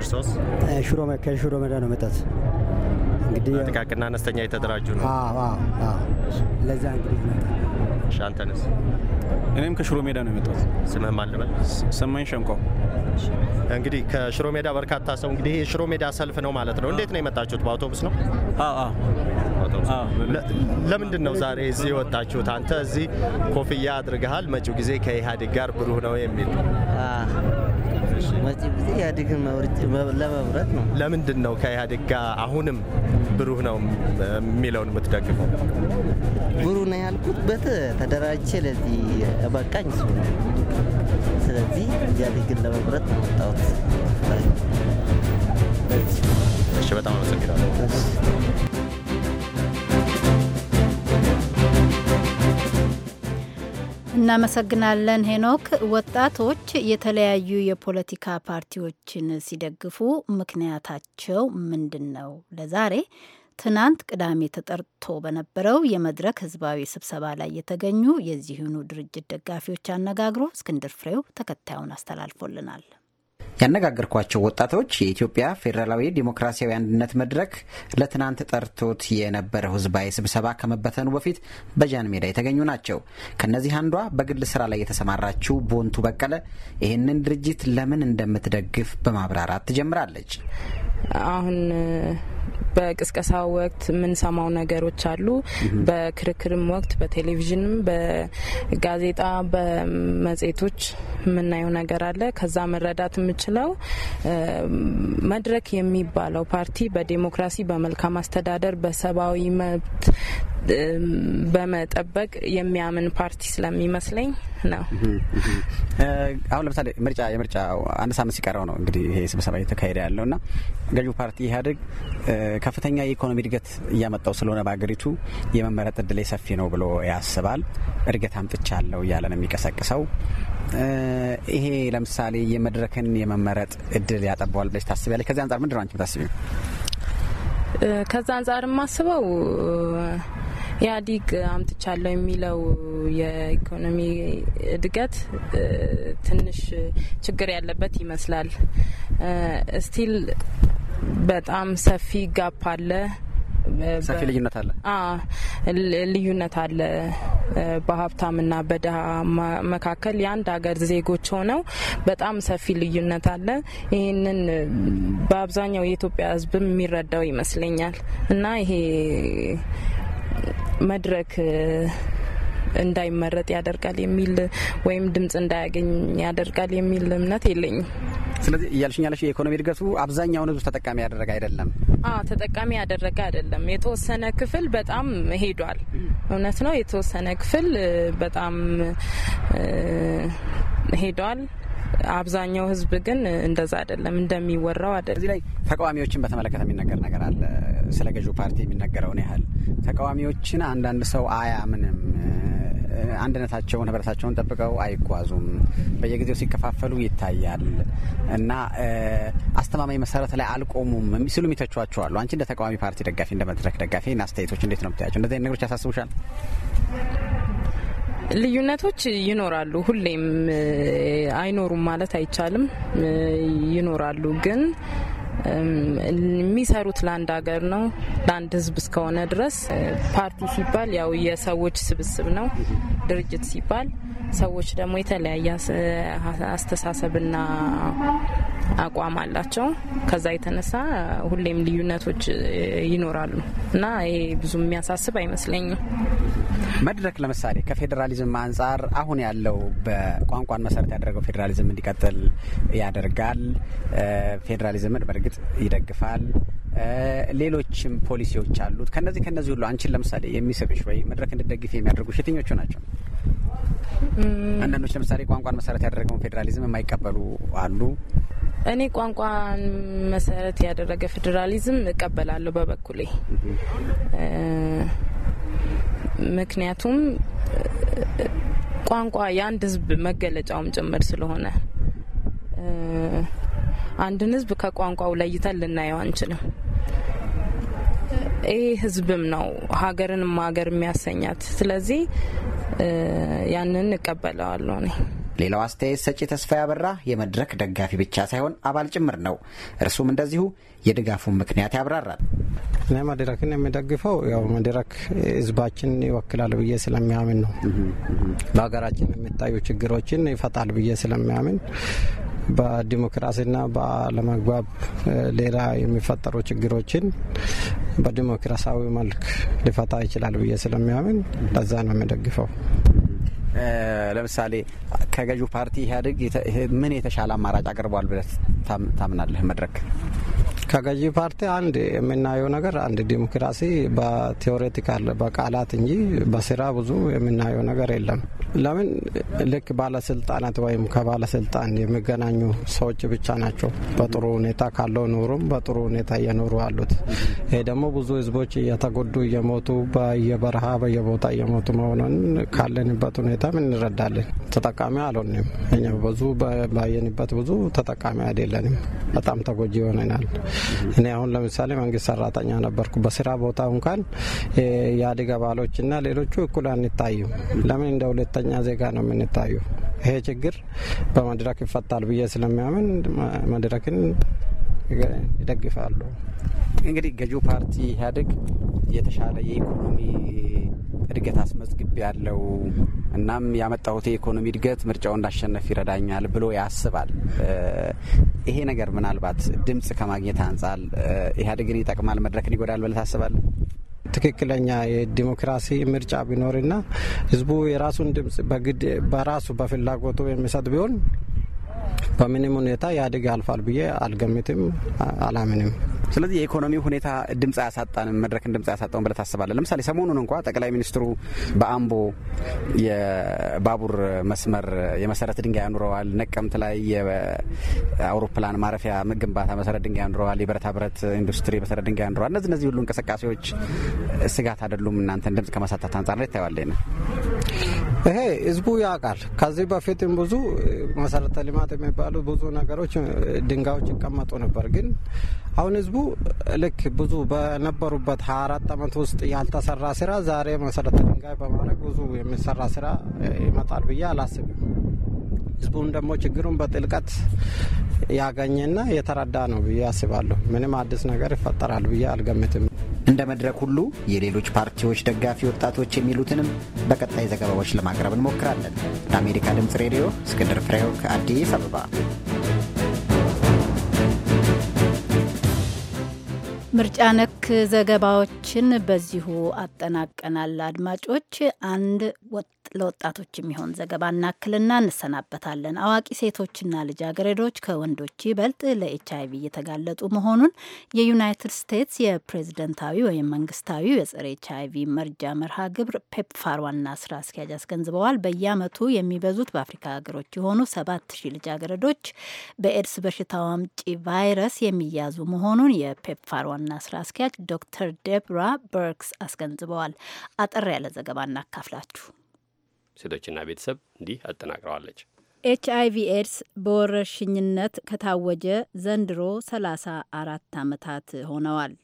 እርሶስ? ከሽሮ ሜዳ ነው መጣት እንግዲህ ጥቃቅና አነስተኛ የተደራጁ ነው። ለዛ እንግዲህ እሺ፣ አንተንስ? እኔም ከሽሮ ሜዳ ነው የመጣሁት። ስምህ ማን ልበል? ሰማኝ ሸንቆ። እንግዲህ ከሽሮ ሜዳ በርካታ ሰው እንግዲህ የሽሮ ሜዳ ሰልፍ ነው ማለት ነው። እንዴት ነው የመጣችሁት? በአውቶቡስ ነው? ለምንድን ነው ዛሬ እዚህ የወጣችሁት? አንተ እዚህ ኮፍያ አድርገሃል። መጪው ጊዜ ከኢህአዴግ ጋር ብሩህ ነው የሚል መጪ ጊዜ ኢህአዴግን ለመምረጥ ነው። ለምንድን ነው ከኢህአዴግ ጋር አሁንም ብሩህ ነው የሚለውን የምትደግፈው? ብሩህ ነው ያልኩት በት ተደራጅቼ ለዚህ በቃኝ እሱ ነው። ስለዚህ ኢህአዴግን ለመምረጥ ነው ወጣሁት። እሺ፣ በጣም አመሰግናለሁ። እናመሰግናለን ሄኖክ። ወጣቶች የተለያዩ የፖለቲካ ፓርቲዎችን ሲደግፉ ምክንያታቸው ምንድን ነው? ለዛሬ ትናንት ቅዳሜ ተጠርቶ በነበረው የመድረክ ህዝባዊ ስብሰባ ላይ የተገኙ የዚህኑ ድርጅት ደጋፊዎች አነጋግሮ እስክንድር ፍሬው ተከታዩን አስተላልፎልናል። ያነጋገርኳቸው ወጣቶች የኢትዮጵያ ፌዴራላዊ ዴሞክራሲያዊ አንድነት መድረክ ለትናንት ጠርቶት የነበረ ህዝባዊ ስብሰባ ከመበተኑ በፊት በጃን ሜዳ የተገኙ ናቸው። ከእነዚህ አንዷ በግል ስራ ላይ የተሰማራችው ቦንቱ በቀለ ይህንን ድርጅት ለምን እንደምትደግፍ በማብራራት ትጀምራለች። አሁን በቅስቀሳ ወቅት የምንሰማው ነገሮች አሉ። በክርክርም ወቅት በቴሌቪዥንም፣ በጋዜጣ፣ በመጽሄቶች የምናየው ነገር አለ። ከዛ መረዳት የምችለው መድረክ የሚባለው ፓርቲ በዴሞክራሲ፣ በመልካም አስተዳደር፣ በሰብአዊ መብት በመጠበቅ የሚያምን ፓርቲ ስለሚመስለኝ ነው። አሁን ለምሳሌ ምርጫ የምርጫ አንድ ሳምንት ሲቀረው ነው እንግዲህ ይሄ ስብሰባ እየተካሄደ ያለው እና ገዢው ፓርቲ ኢህአዴግ ከፍተኛ የኢኮኖሚ እድገት እያመጣው ስለሆነ በሀገሪቱ የመመረጥ እድል ሰፊ ነው ብሎ ያስባል። እድገት አምጥቻለሁ እያለ ነው የሚቀሰቅሰው። ይሄ ለምሳሌ የመድረክን የመመረጥ እድል ያጠበዋል ብለሽ ታስቢያለሽ? ከዚህ አንጻር ምንድን ነው አንቺ ታስቢ? ከዛ አንጻር የማስበው ኢህአዲግ አምጥቻለሁ የሚለው የኢኮኖሚ እድገት ትንሽ ችግር ያለበት ይመስላል። ስቲል በጣም ሰፊ ጋፕ አለ። ሰፊ ልዩነት አለ። ልዩነት አለ በሀብታምና በድሀ መካከል የአንድ ሀገር ዜጎች ሆነው በጣም ሰፊ ልዩነት አለ። ይህንን በአብዛኛው የኢትዮጵያ ሕዝብም የሚረዳው ይመስለኛል እና ይሄ መድረክ እንዳይመረጥ ያደርጋል የሚል ወይም ድምጽ እንዳያገኝ ያደርጋል የሚል እምነት የለኝም። ስለዚህ እያልሽኝ ያለሽ የኢኮኖሚ እድገቱ አብዛኛውን ህዝብ ተጠቃሚ ያደረገ አይደለም። አዎ ተጠቃሚ ያደረገ አይደለም። የተወሰነ ክፍል በጣም ሄዷል፣ እውነት ነው። የተወሰነ ክፍል በጣም ሄዷል። አብዛኛው ህዝብ ግን እንደዛ አይደለም፣ እንደሚወራው አይደለም። እዚህ ላይ ተቃዋሚዎችን በተመለከተ የሚነገር ነገር አለ። ስለ ገዢው ፓርቲ የሚነገረውን ያህል ተቃዋሚዎችን አንዳንድ ሰው አያምንም አንድነታቸውን ህብረታቸውን ጠብቀው አይጓዙም፣ በየጊዜው ሲከፋፈሉ ይታያል እና አስተማማኝ መሰረት ላይ አልቆሙም ሲሉ የሚተቿቸው አንቺ እንደ ተቃዋሚ ፓርቲ ደጋፊ፣ እንደ መድረክ ደጋፊ አስተያየቶች እንዴት ነው ምታያቸው? እንደዚህ ነገሮች ያሳስቡሻል? ልዩነቶች ይኖራሉ። ሁሌም አይኖሩም ማለት አይቻልም። ይኖራሉ ግን የሚሰሩት ለአንድ ሀገር ነው፣ ለአንድ ህዝብ እስከሆነ ድረስ ፓርቲ ሲባል ያው የሰዎች ስብስብ ነው። ድርጅት ሲባል ሰዎች ደግሞ የተለያየ አስተሳሰብና አቋም አላቸው። ከዛ የተነሳ ሁሌም ልዩነቶች ይኖራሉ እና ይሄ ብዙ የሚያሳስብ አይመስለኝም። መድረክ ለምሳሌ ከፌዴራሊዝም አንጻር አሁን ያለው በቋንቋን መሰረት ያደረገው ፌዴራሊዝም እንዲቀጥል ያደርጋል። ፌዴራሊዝምን በእርግጥ ይደግፋል። ሌሎችም ፖሊሲዎች አሉት። ከነዚህ ከነዚህ ሁሉ አንቺን ለምሳሌ የሚስብሽ ወይ መድረክ እንድደግፍ የሚያደርጉሽ የትኞቹ ናቸው? አንዳንዶች ለምሳሌ ቋንቋን መሰረት ያደረገውን ፌዴራሊዝም የማይቀበሉ አሉ። እኔ ቋንቋን መሰረት ያደረገ ፌዴራሊዝም እቀበላለሁ በበኩሌ። ምክንያቱም ቋንቋ የአንድ ህዝብ መገለጫውም ጭምር ስለሆነ አንድን ህዝብ ከቋንቋው ለይተን ልናየው አንችልም። ይህ ህዝብም ነው ሀገርንም ሀገር የሚያሰኛት። ስለዚህ ያንን እቀበለዋለሁ እኔ። ሌላው አስተያየት ሰጪ ተስፋ ያበራ የመድረክ ደጋፊ ብቻ ሳይሆን አባል ጭምር ነው። እርሱም እንደዚሁ የድጋፉን ምክንያት ያብራራል። እኔ መድረክን የሚደግፈው ያው መድረክ ህዝባችን ይወክላል ብዬ ስለሚያምን ነው። በሀገራችን የሚታዩ ችግሮችን ይፈታል ብዬ ስለሚያምን በዲሞክራሲና በአለመግባብ ሌላ የሚፈጠሩ ችግሮችን በዲሞክራሲያዊ መልክ ሊፈታ ይችላል ብዬ ስለሚያምን ለዛ ነው የሚደግፈው። ለምሳሌ ከገዢው ፓርቲ ኢህአዴግ ምን የተሻለ አማራጭ አቅርቧል ብለህ ታምናለህ? መድረክ ከገዢ ፓርቲ አንድ የምናየው ነገር አንድ ዲሞክራሲ በቴዎሬቲካል በቃላት እንጂ በስራ ብዙ የምናየው ነገር የለም። ለምን ልክ ባለስልጣናት ወይም ከባለስልጣን የሚገናኙ ሰዎች ብቻ ናቸው በጥሩ ሁኔታ ካለው ኑሩም በጥሩ ሁኔታ እየኖሩ አሉት። ይሄ ደግሞ ብዙ ህዝቦች እየተጎዱ እየሞቱ በየበረሃ በየቦታ እየሞቱ መሆኑን ካለንበት ሁኔታ እንረዳለን። ተጠቃሚ አልሆንም። እኛ ብዙ ባየንበት ብዙ ተጠቃሚ አይደለንም። በጣም ተጎጂ ይሆነናል። እኔ አሁን ለምሳሌ መንግስት ሰራተኛ ነበርኩ። በስራ ቦታ እንኳን የአዲግ አባሎችና ሌሎቹ እኩል አንታዩ። ለምን እንደ ሁለተኛ ዜጋ ነው የምንታዩ። ይሄ ችግር በመድረክ ይፈታል ብዬ ስለሚያምን መድረክን ይደግፋሉ። እንግዲህ ገዢው ፓርቲ ኢህአዴግ የተሻለ የኢኮኖሚ እድገት አስመዝግብ ያለው እናም ያመጣሁት የኢኮኖሚ እድገት ምርጫው እንዳሸነፍ ይረዳኛል ብሎ ያስባል። ይሄ ነገር ምናልባት ድምፅ ከማግኘት አንጻር ኢህአዴግን ይጠቅማል፣ መድረክን ይጎዳል ብለህ ታስባለህ? ትክክለኛ የዲሞክራሲ ምርጫ ቢኖርና ህዝቡ የራሱን ድምፅ በግድ በራሱ በፍላጎቱ የሚሰጥ ቢሆን በምንም ሁኔታ ኢህአዴግ ያልፋል ብዬ አልገምትም፣ አላምንም። ስለዚህ የኢኮኖሚ ሁኔታ ድምፅ አያሳጣንም፣ መድረክን ድምፅ አያሳጣውን ብለህ ታስባለህ? ለምሳሌ ሰሞኑን እንኳ ጠቅላይ ሚኒስትሩ በአምቦ የባቡር መስመር የመሰረት ድንጋይ አኑረዋል፣ ነቀምት ላይ የአውሮፕላን ማረፊያ ግንባታ መሰረት ድንጋይ አኑረዋል፣ የብረታ ብረት ኢንዱስትሪ መሰረት ድንጋይ አኑረዋል። እነዚህ እነዚህ ሁሉ እንቅስቃሴዎች ስጋት አይደሉም? እናንተን ድምፅ ከማሳጣት አንጻር ነው ይታየዋል። ይሄ ህዝቡ ያውቃል። ከዚህ በፊትም ብዙ መሰረተ ልማት የሚባሉ ብዙ ነገሮች ድንጋዮች ይቀመጡ ነበር። ግን አሁን ህዝቡ ልክ ብዙ በነበሩበት ሀያ አራት አመት ውስጥ ያልተሰራ ስራ ዛሬ መሰረተ ድንጋይ በማድረግ ብዙ የሚሰራ ስራ ይመጣል ብዬ አላስብም። ህዝቡን ደግሞ ችግሩን በጥልቀት ያገኘና የተረዳ ነው ብዬ አስባለሁ። ምንም አዲስ ነገር ይፈጠራል ብዬ አልገምትም። እንደ መድረክ ሁሉ የሌሎች ፓርቲዎች ደጋፊ ወጣቶች የሚሉትንም በቀጣይ ዘገባዎች ለማቅረብ እንሞክራለን። ለአሜሪካ ድምፅ ሬዲዮ እስክንድር ፍሬው ከአዲስ አበባ ምርጫ ነክ ዘገባዎችን በዚሁ አጠናቀናል። አድማጮች፣ አንድ ወጥ ለወጣቶች የሚሆን ዘገባ እናክልና እንሰናበታለን። አዋቂ ሴቶችና ልጃገረዶች ከወንዶች ይበልጥ ለኤች አይቪ እየተጋለጡ መሆኑን የዩናይትድ ስቴትስ የፕሬዝደንታዊ ወይም መንግስታዊ የጸረ ኤች መርጃ መርሃ ግብር ፔፕፋር ዋና ስራ አስኪያጅ አስገንዝበዋል። በየአመቱ የሚበዙት በአፍሪካ ሀገሮች የሆኑ ሰባት ሺህ ልጃገረዶች በኤድስ በሽታ አምጪ ቫይረስ የሚያዙ መሆኑን የፔፕፋር ዋና ዋና ስራ አስኪያጅ ዶክተር ዴብራ በርክስ አስገንዝበዋል። አጠር ያለ ዘገባ እናካፍላችሁ። ሴቶችና ቤተሰብ እንዲህ አጠናቅረዋለች። ኤች ቪ ኤድስ በወረርሽኝነት ከታወጀ ዘንድሮ አራት ዓመታት ሆነዋል።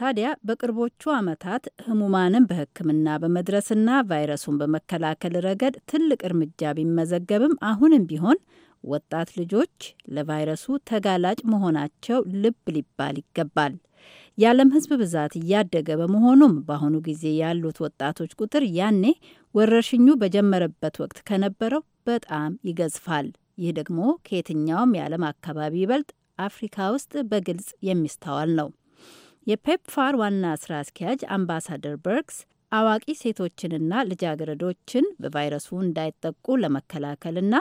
ታዲያ በቅርቦቹ ዓመታት ህሙማንን በሕክምና በመድረስና ቫይረሱን በመከላከል ረገድ ትልቅ እርምጃ ቢመዘገብም አሁንም ቢሆን ወጣት ልጆች ለቫይረሱ ተጋላጭ መሆናቸው ልብ ሊባል ይገባል። የዓለም ሕዝብ ብዛት እያደገ በመሆኑም በአሁኑ ጊዜ ያሉት ወጣቶች ቁጥር ያኔ ወረርሽኙ በጀመረበት ወቅት ከነበረው በጣም ይገዝፋል። ይህ ደግሞ ከየትኛውም የዓለም አካባቢ ይበልጥ አፍሪካ ውስጥ በግልጽ የሚስተዋል ነው። የፔፕፋር ዋና ስራ አስኪያጅ አምባሳደር በርግስ አዋቂ ሴቶችንና ልጃገረዶችን በቫይረሱ እንዳይጠቁ ለመከላከልና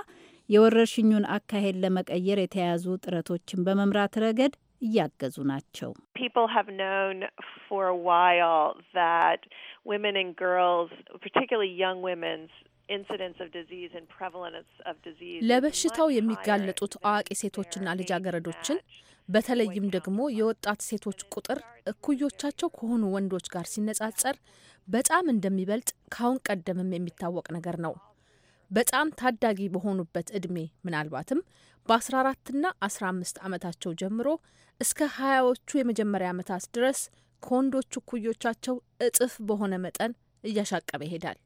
የወረርሽኙን አካሄድ ለመቀየር የተያዙ ጥረቶችን በመምራት ረገድ እያገዙ ናቸው። ለበሽታው የሚጋለጡት አዋቂ ሴቶችና ልጃገረዶችን በተለይም ደግሞ የወጣት ሴቶች ቁጥር እኩዮቻቸው ከሆኑ ወንዶች ጋር ሲነጻጸር በጣም እንደሚበልጥ ካሁን ቀደምም የሚታወቅ ነገር ነው። በጣም ታዳጊ በሆኑበት እድሜ ምናልባትም በ14ና 15 ዓመታቸው ጀምሮ እስከ 20ዎቹ የመጀመሪያ ዓመታት ድረስ ከወንዶቹ እኩዮቻቸው እጥፍ በሆነ መጠን እያሻቀበ ይሄዳል።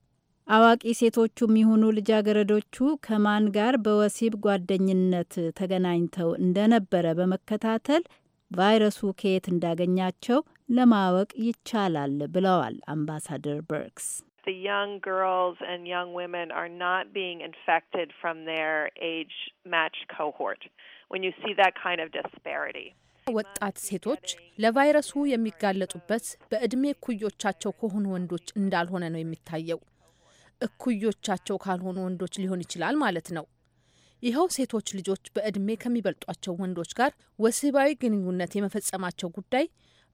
አዋቂ ሴቶቹ የሚሆኑ ልጃገረዶቹ ከማን ጋር በወሲብ ጓደኝነት ተገናኝተው እንደነበረ በመከታተል ቫይረሱ ከየት እንዳገኛቸው ለማወቅ ይቻላል ብለዋል አምባሳደር በርክስ። the young girls and young women are not being infected from their age match cohort when you see that kind of disparity. ወጣት ሴቶች ለቫይረሱ የሚጋለጡበት በእድሜ እኩዮቻቸው ከሆኑ ወንዶች እንዳልሆነ ነው የሚታየው። እኩዮቻቸው ካልሆኑ ወንዶች ሊሆን ይችላል ማለት ነው። ይኸው ሴቶች ልጆች በእድሜ ከሚበልጧቸው ወንዶች ጋር ወሲባዊ ግንኙነት የመፈጸማቸው ጉዳይ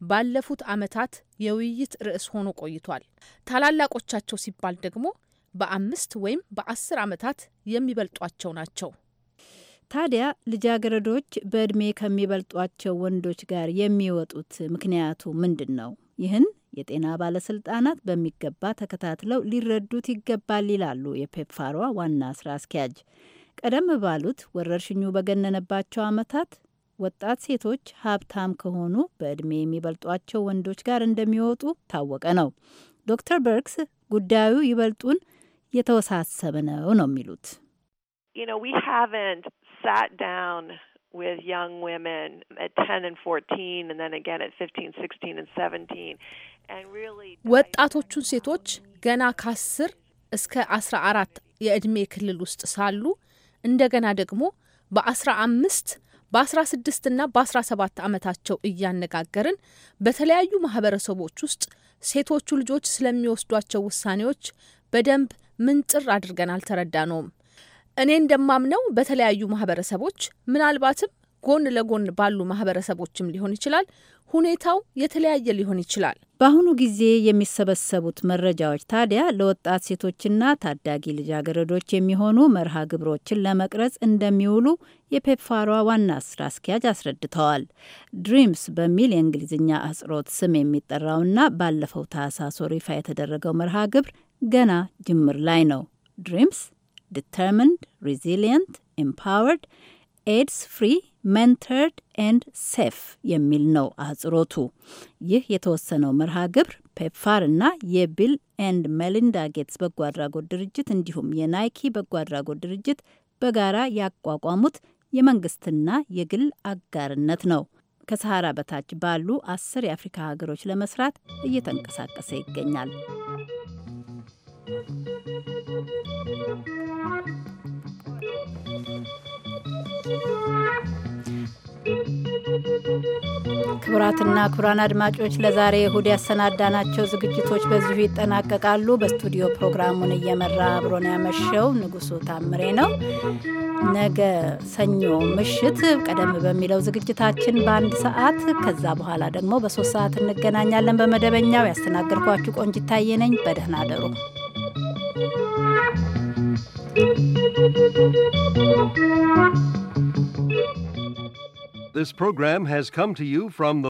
ባለፉት ዓመታት የውይይት ርዕስ ሆኖ ቆይቷል። ታላላቆቻቸው ሲባል ደግሞ በአምስት ወይም በአስር ዓመታት የሚበልጧቸው ናቸው። ታዲያ ልጃገረዶች በእድሜ ከሚበልጧቸው ወንዶች ጋር የሚወጡት ምክንያቱ ምንድን ነው? ይህን የጤና ባለስልጣናት በሚገባ ተከታትለው ሊረዱት ይገባል ይላሉ የፔፕፋሯ ዋና ስራ አስኪያጅ። ቀደም ባሉት ወረርሽኙ በገነነባቸው ዓመታት ወጣት ሴቶች ሀብታም ከሆኑ በዕድሜ የሚበልጧቸው ወንዶች ጋር እንደሚወጡ ታወቀ ነው። ዶክተር በርግስ ጉዳዩ ይበልጡን የተወሳሰበ ነው ነው የሚሉት ወጣቶቹን ሴቶች ገና ከአስር እስከ አስራ አራት ክልል ውስጥ ሳሉ እንደገና ደግሞ በአስራ አምስት በ 16 እና በ17 ዓመታቸው እያነጋገርን በተለያዩ ማህበረሰቦች ውስጥ ሴቶቹ ልጆች ስለሚወስዷቸው ውሳኔዎች በደንብ ምንጥር አድርገን አልተረዳነውም። እኔ እንደማምነው በተለያዩ ማህበረሰቦች ምናልባትም ጎን ለጎን ባሉ ማህበረሰቦችም ሊሆን ይችላል። ሁኔታው የተለያየ ሊሆን ይችላል። በአሁኑ ጊዜ የሚሰበሰቡት መረጃዎች ታዲያ ለወጣት ሴቶችና ታዳጊ ልጃገረዶች የሚሆኑ መርሃ ግብሮችን ለመቅረጽ እንደሚውሉ የፔፕፋሯ ዋና ስራ አስኪያጅ አስረድተዋል። ድሪምስ በሚል የእንግሊዝኛ አጽሮት ስም የሚጠራውና ባለፈው ታህሳስ ወር ይፋ የተደረገው መርሃ ግብር ገና ጅምር ላይ ነው። ድሪምስ ዲተርሚንድ ሪዚሊየንት ኤምፓወርድ ኤድስ ፍሪ ሜንተርድ ኤንድ ሴፍ የሚል ነው አህጽሮቱ። ይህ የተወሰነው መርሃ ግብር ፔፕፋር እና የቢል ኤንድ ሜሊንዳ ጌትስ በጎ አድራጎት ድርጅት እንዲሁም የናይኪ በጎ አድራጎት ድርጅት በጋራ ያቋቋሙት የመንግስትና የግል አጋርነት ነው። ከሰሃራ በታች ባሉ አስር የአፍሪካ ሀገሮች ለመስራት እየተንቀሳቀሰ ይገኛል። ክቡራትና ክቡራን አድማጮች ለዛሬ እሁድ ያሰናዳናቸው ዝግጅቶች በዚሁ ይጠናቀቃሉ። በስቱዲዮ ፕሮግራሙን እየመራ አብሮን ያመሸው ንጉሱ ታምሬ ነው። ነገ ሰኞ ምሽት ቀደም በሚለው ዝግጅታችን በአንድ ሰዓት ከዛ በኋላ ደግሞ በሶስት ሰዓት እንገናኛለን። በመደበኛው ያስተናገድኳችሁ ቆንጅ ታዬ ነኝ። በደህና አደሩ። Thank you. This program has come to you from the